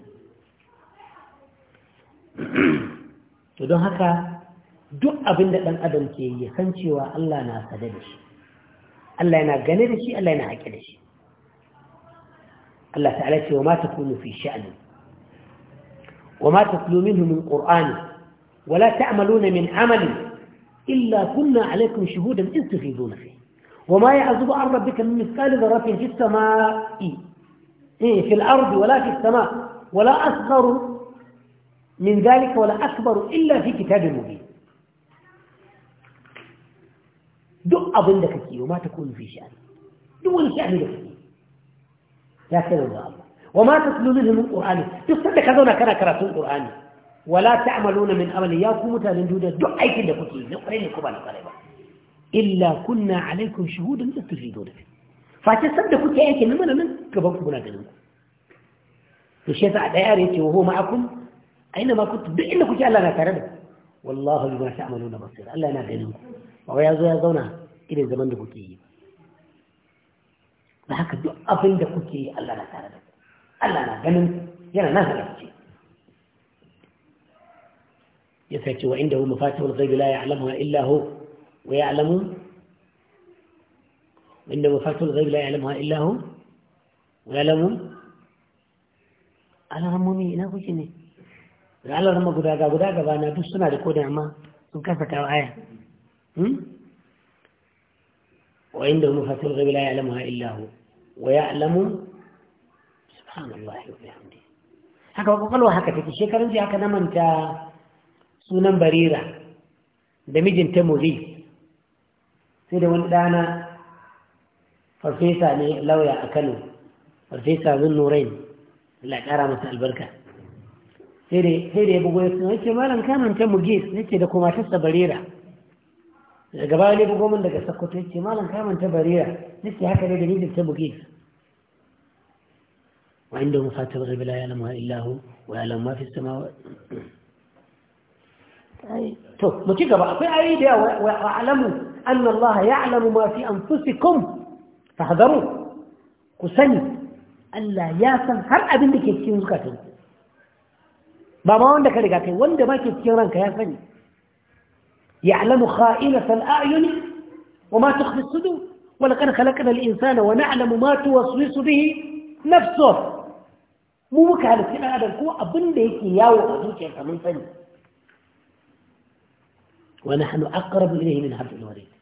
to don haka duk abin da dan adam ke yi san cewa Allah na sada da shi Allah yana gane da shi Allah yana haƙe da shi Allah ta'ala ce wa ma takunu fi sha'ni wa ma tatlu minhu min qur'ani ولا تعملون من عمل إلا كنا عليكم شهودا إذ تغيظون فيه وما يعزب عن ربك من مثقال ذرة في السماء إيه في الأرض ولا في السماء ولا أصغر من ذلك ولا أكبر إلا في كتاب مبين دق أظن لك فيه وما تكون في شأن دول شأن لك فيه يا سيدنا الله وما تتلو منه من القرآن تصدق هذونا كنا كراتون قرآني ولا تعملون من أمل ياكم متى لنجودة دق أي لك فيه نقرين لكم قريبا إلا كنا عليكم شهودا إذ تفيدون فيه فتصدقوا كنت أيك إنما أنا من كبرت بنا جنوب الشيخ عديار وهو معكم أينما كنت بإنك كنت ألا نترد والله بما تعملون بصير ألا نترد ويازو يازونا إلى الزمن دكوتي يجيب الدعاء haka دكوتي abin da kuke ألا Allah na tare da ku Allah na ganin yana nan halarci ya sace ويعلمون إن وفات الغيب لا يعلمها إلا هو ويعلمون على رموني لا وجنه على رمى قداغا قداغا بانا دوستنا لكود عما سنكفة وآية وعنده مفات الغيب لا يعلمها إلا هو ويعلم سبحان الله وبحمده حكا وقالوا حكا تتشكر انت حكا نمان تا سنن بريرا دمجن تموذيه sai da wani ɗana farfesa ne lauya a kano farfesa zun nurain Allah ƙara masa albarka sai da ya bugo ya suna yake malam kanan ta mugis yake da kuma tasa barira daga baya ne bugo min daga sakkwato yake malam kanan ta barira yake haka ne da nijin ta mugis وعنده مفاتيح الغيب لا يعلمها إلا هو ويعلم ما في السماوات to mu ci gaba akwai ayi da wa alamu أن الله يعلم ما في أنفسكم فاحذروا كسني ألا ياسم هل أبنك يتكين زكاتين بما عندك لكاتين وانت ما يتكين رانك ياسم يعلم خائنة الأعين وما تخفي الصدور ولقد خلقنا الإنسان ونعلم ما توسوس به نفسه موك على سنة هذا الكوة أبنك ياو أبنك ياسم من ونحن أقرب إليه من هذا الوريد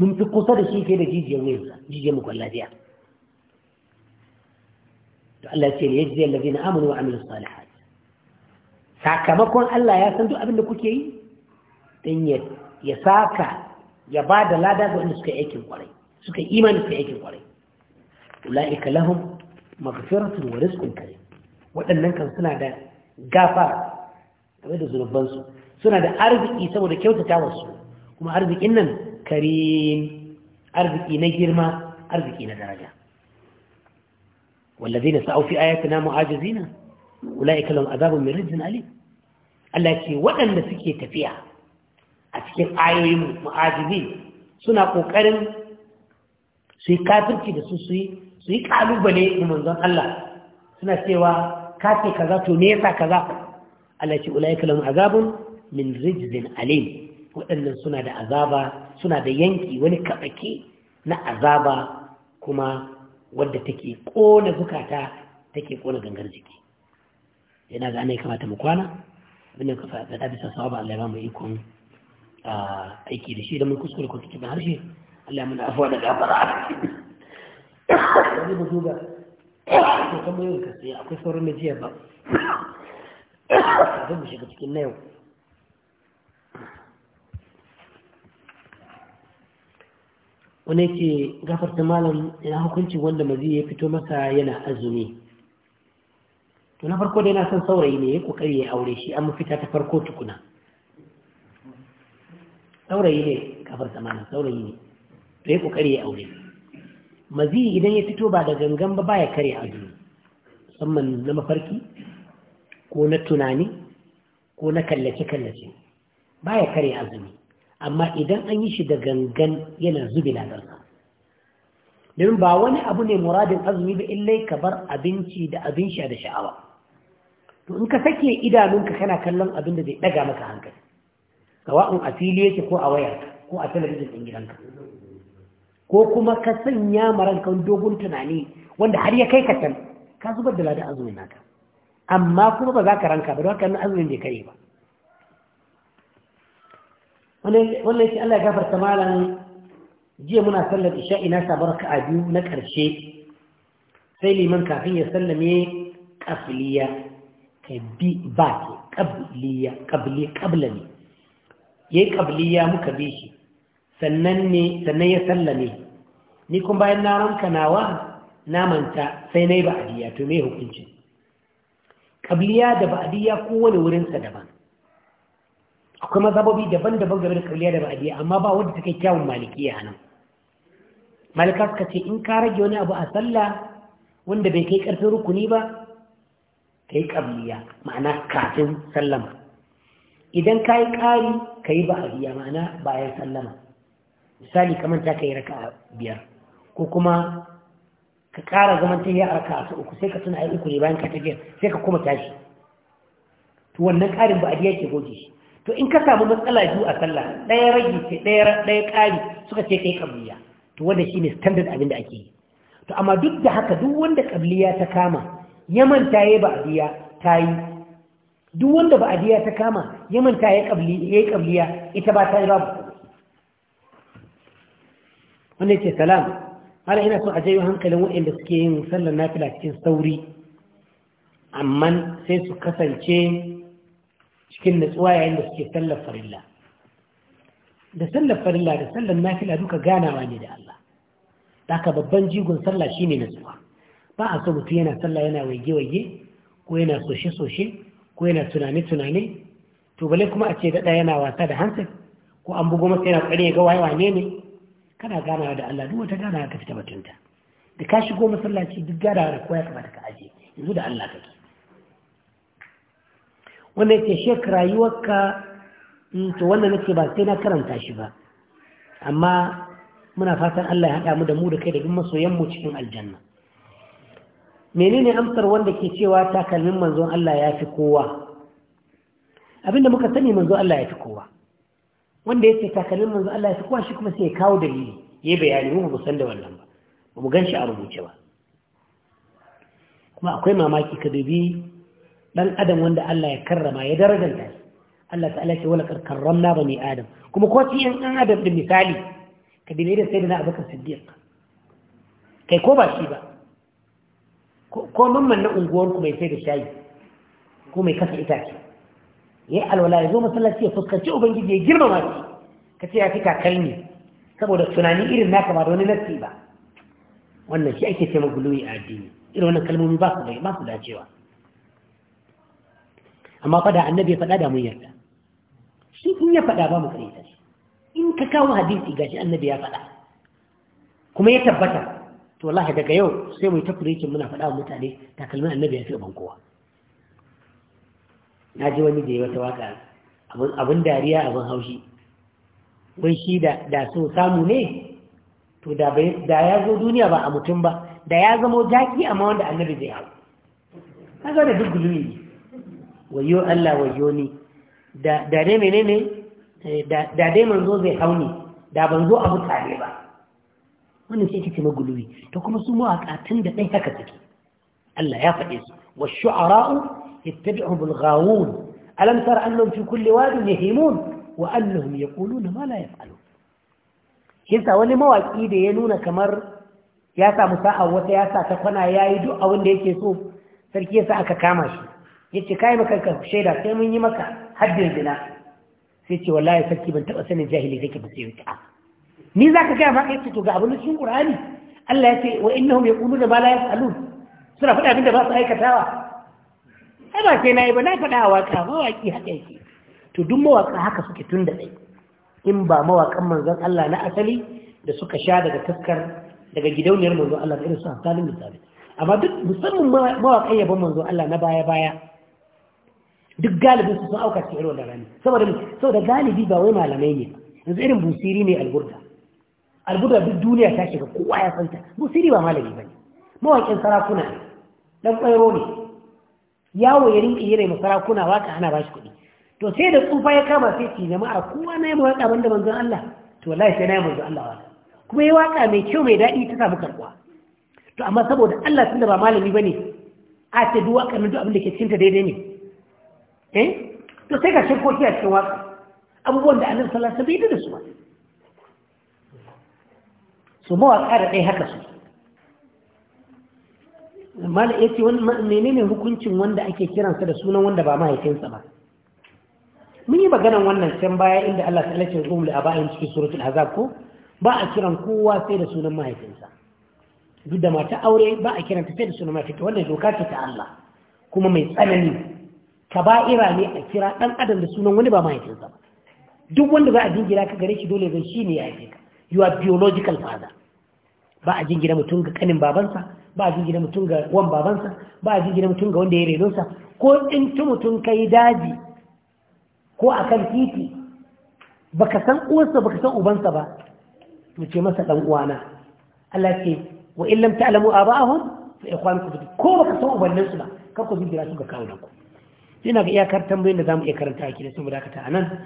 mun fi kusa da shi ke da jijiyar wuyansa jijiyar mu kwallajiya to Allah ce ya jijiyar lafi na amonu wa amilu salihat sakamakon Allah ya san duk abin da kuke yi don ya saka ya ba da lada ga wanda suka aikin kwarai suka imani suka aikin kwarai ula'ika lahum maghfiratun wa rizqun karim waɗannan kan suna da gafara game da zunubansu suna da arziki saboda kyautata wasu kuma arzikin nan karim arziki na girma arziki na daraja والذين سعوا في آياتنا معاجزين أولئك لهم عذاب min رجز alim? Allah ce waɗanda suke tafiya a cikin ayoyin ma'ajibi suna ƙoƙarin su yi kafirci da su su yi ƙalubale da manzon Allah suna cewa kace kaza to me yasa kaza Allah ce ulai kalam azabun min rijzin alim waɗannan suna da azaba suna da yanki wani kaɓake na azaba kuma wadda take ƙona zukata take ƙona gangar jiki yana ga ana kamata mu kwana abinda ka faɗa bisa sawaba Allah ya ba mu ikon aiki da shi da mun kuskure ko kike ban harshe Allah mun afuwa da gafara wani mu duba ko kamar yau ka sai akwai sauran jiya ba zan mu shiga cikin na yau wani ke gafarta malam ina hukunci wanda mazi ya fito masa yana azumi to na farko dai na san saurayi ne ya kokari ya aure shi an mafita ta farko tukuna saurayi ne gafarta malam saurayi ne to ya kokari ya aure mazi idan ya fito ba da gangan ba baya kare azumi musamman na mafarki ko na tunani ko na kallace-kallace baya kare azumi amma idan an yi shi da gangan yana zubi ladarsa domin ba wani abu ne muradin azumi ba illai ka bar abinci da abin sha da sha'awa to in ka sake idanunka kana kallon abin da zai daga maka hankali sawa'un a fili yake ko a waya ko a talabijin din gidanka ko kuma ka sanya marankan dogon tunani wanda har ya kai ka can ka zubar da ladan azumin naka amma kuma ba za ka ranka ba don haka azumin bai kare ba wannan yake Allah ya gafarta malam jiya muna sallar isha'i na sabar a biyu na ƙarshe sai liman kafin ya sallame ƙafiliya ka ba ke ƙabiliya ƙabla ne ya yi muka bi shi sannan ya sallame ni kun bayan na ranka nawa namanta sai na yi ba'adiyya to me hukunci ƙabiliya da ba'adiyya kowane wurinsa daban akwai mazhabobi daban-daban game da kauliya da ba'adiyya amma ba wanda kai kyawun malikiya nan malika suka ce in ka rage wani abu a sallah wanda bai kai karfin rukuni ba ka yi qabliya ma'ana kafin sallama idan ka ƙari kari yi ba'adiyya ma'ana bayan sallama misali kamar ta kai raka biyar ko kuma ka kara zaman arka a raka'a uku sai ka tuna ai uku ne bayan ka tafiya sai ka kuma tashi to wannan karin ba'adiyya ke goge shi to in ka samu matsala biyu a sallah ɗaya rage ce ɗaya ƙari suka ce kai ƙabliya to wanda shi ne standard abin da ake yi to amma duk da haka duk wanda ƙabliya ta kama yaman ta yi ba'adiyya ta yi duk wanda ba'adiyya ta kama yaman ta yi ƙabliya ita ba ta yi babu wanda ce salam ala ina son a hankalin waɗanda suke yin sallar nafila cikin sauri amma sai su kasance cikin natsuwa yayin da suke sallar farilla da sallar farilla da sallar nafila duka ganawa ne da Allah haka babban jigon sallah shine natsuwa ba a so mutum yana sallah yana waige-waige ko yana soshe-soshe ko yana tunani tunani to bale kuma a ce daɗa yana wasa da hansa ko an bugo masa yana ƙware ga waye wane ne kana ganawa da Allah duk wata ganawa ka fita batunta da ka shigo masallaci duk ganawa da koya kamata ka aje yanzu da Allah kake wanda yake shek rayuwarka mm, to wanda nake ba sai na karanta shi ba amma muna fatan Allah ya haɗa mu da mu da kai da duk masoyan mu cikin aljanna menene amsar wanda ke cewa takalmin manzon Allah ya fi kowa abinda muka sani manzon Allah ya fi kowa wanda yake takalmin manzon Allah ya fi kowa shi kuma sai ya kawo dalili yayi bayani mu ba san da wannan ba ba mu gan shi a rubuce ba kuma akwai mamaki ka dubi dan adam wanda Allah ya karrama ya darajanta shi Allah ta'ala ce wala karramna bani adam kuma ko ci yan an adam din misali ka dinai da sayyidina Abubakar Siddiq kai ko ba shi ba ko mamman na unguwar ku mai sai da shayi ko mai kasa itace yayi alwala ya zo masallaci ya fuskanci ubangiji ya girmama shi ce ya fi kakanni. saboda tunani irin naka ba da wani nasi ba wannan shi ake ce maguluyi a addini irin wannan kalmomi ba su da ba su dacewa amma fada annabi ya fada da mun yarda shi in ya fada ba mu karyata shi in ka kawo hadisi gashi annabi ya fada kuma ya tabbata to wallahi daga yau sai mu yi tafurikin muna fada wa mutane takalmin annabi ya fi ban kowa na ji wani da ya wata waka abin dariya abin haushi wai shi da so samu ne to da ya zo duniya ba a mutum ba da ya zama jaki amma wanda annabi zai hau kaga da duk gulumi ne wayo Allah wayo ni da dai ne eh, da dai manzo zai hauni da ban zo abu tare ba wannan sai kike ma gulubi to kuma su mawaƙatun da dai haka take Allah ya faɗe su wash-shu'ara'u yattabi'u bil-ghawun alam tara annahum fi kulli wadin yahimun wa annahum yaquluna ma la yaf'alun kinsa wani mawaki da ya nuna kamar ya samu sa'a wata ya sa ta kwana yayi duk abin da yake so sarki ya sa aka kama shi ya ce kayi maka shaida sai mun yi maka haddin zina sai ce wallahi sarki ban taɓa sanin jahili kake ba sai wuta ni za ka gaya maka yace to ga abin cikin qur'ani Allah ya ce wa innahum yaquluna ma la yaf'alun suna faɗa abin da ba su aikatawa ai ba sai nayi ba na faɗa waka mawaki haka yake to duk mawaka haka suke tun da dai in ba mawakan manzon Allah na asali da suka sha daga taskar daga gidauniyar manzon Allah da irin su Salim misali amma duk musamman mawakan yabon manzon Allah na baya baya duk galibin su sun auka cikin wannan rani saboda saboda galibi ba wai malamai ne yanzu irin busiri ne alburda alburda duk duniya ta shiga kowa ya santa busiri ba malami bane mawakin sarakuna ne dan kwairo ne yawo ya rinƙi yi rai sarakuna waka ana bashi kuɗi to sai da tsufa ya kama sai ci jama'a kowa na yi waka banda manzon Allah to wallahi sai na yi manzon Allah waka kuma yi waka mai kyau mai daɗi ta samu karɓuwa to amma saboda Allah tunda ba malami bane a ce duk waka nan duk abin da ke cinta daidai ne eh to sai ka shi a cikin waka abubuwan da annabi sallallahu alaihi wasallam bai da su ba su mawaƙa da ɗaya haka su da ya wani menene hukuncin wanda ake kiransa da sunan wanda ba mahaifinsa ba mun yi maganan wannan can baya inda Allah ta lace zuwa da aba'in cikin suratul azab ko ba a kiran kowa sai da sunan mahaifinsa duk da mata aure ba a kiranta sai da sunan mahaifinta wannan doka ce ta Allah kuma mai tsanani kaba'ira ne a kira ɗan adam da sunan wani ba mahaifinsa ba duk wanda za a jingira ka gare shi dole zai shi ne ya yi ka yiwa biological father ba a jingira mutum ga kanin babansa ba a jingira mutum ga wan babansa ba a jingira mutum ga wanda ya sa ko in ci mutum yi daji ko a kan titi ba ka san uwarsa ka san ubansa ba to ce masa ɗan uwana Allah ce wa illam lam ta'lamu aba'ahum fa ikhwanukum ko ka san su ba kar ku jingira su ga kawunanku yana ga iyakar tambayin da zamu iya karanta a kidan saboda haka ta anan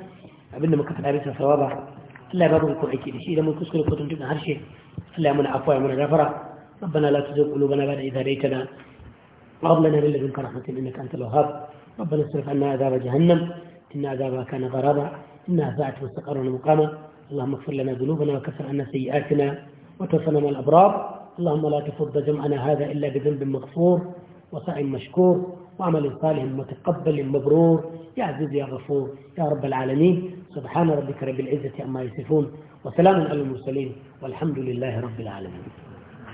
abinda muka faɗa bisa sawaba Allah ya ba mu ko aiki da shi idan mun kuskure ko tuntun harshe Allah ya muna afwa ya muna gafara ربنا لا تزغ قلوبنا بعد إذ هديتنا وهب لنا من لدنك رحمة إنك أنت الوهاب ربنا اصرف عنا عذاب جهنم إن عذابها كان غرابا إنها ساءت مستقرا ومقاما اللهم اغفر لنا ذنوبنا وكفر عنا سيئاتنا وتوفنا مع الأبرار اللهم لا تفض جمعنا هذا إلا بذنب مغفور وسعي مشكور وعمل صالح متقبل مبرور يا عزيز يا غفور يا رب العالمين سبحان ربك رب العزة عما يصفون وسلام على المرسلين والحمد لله رب العالمين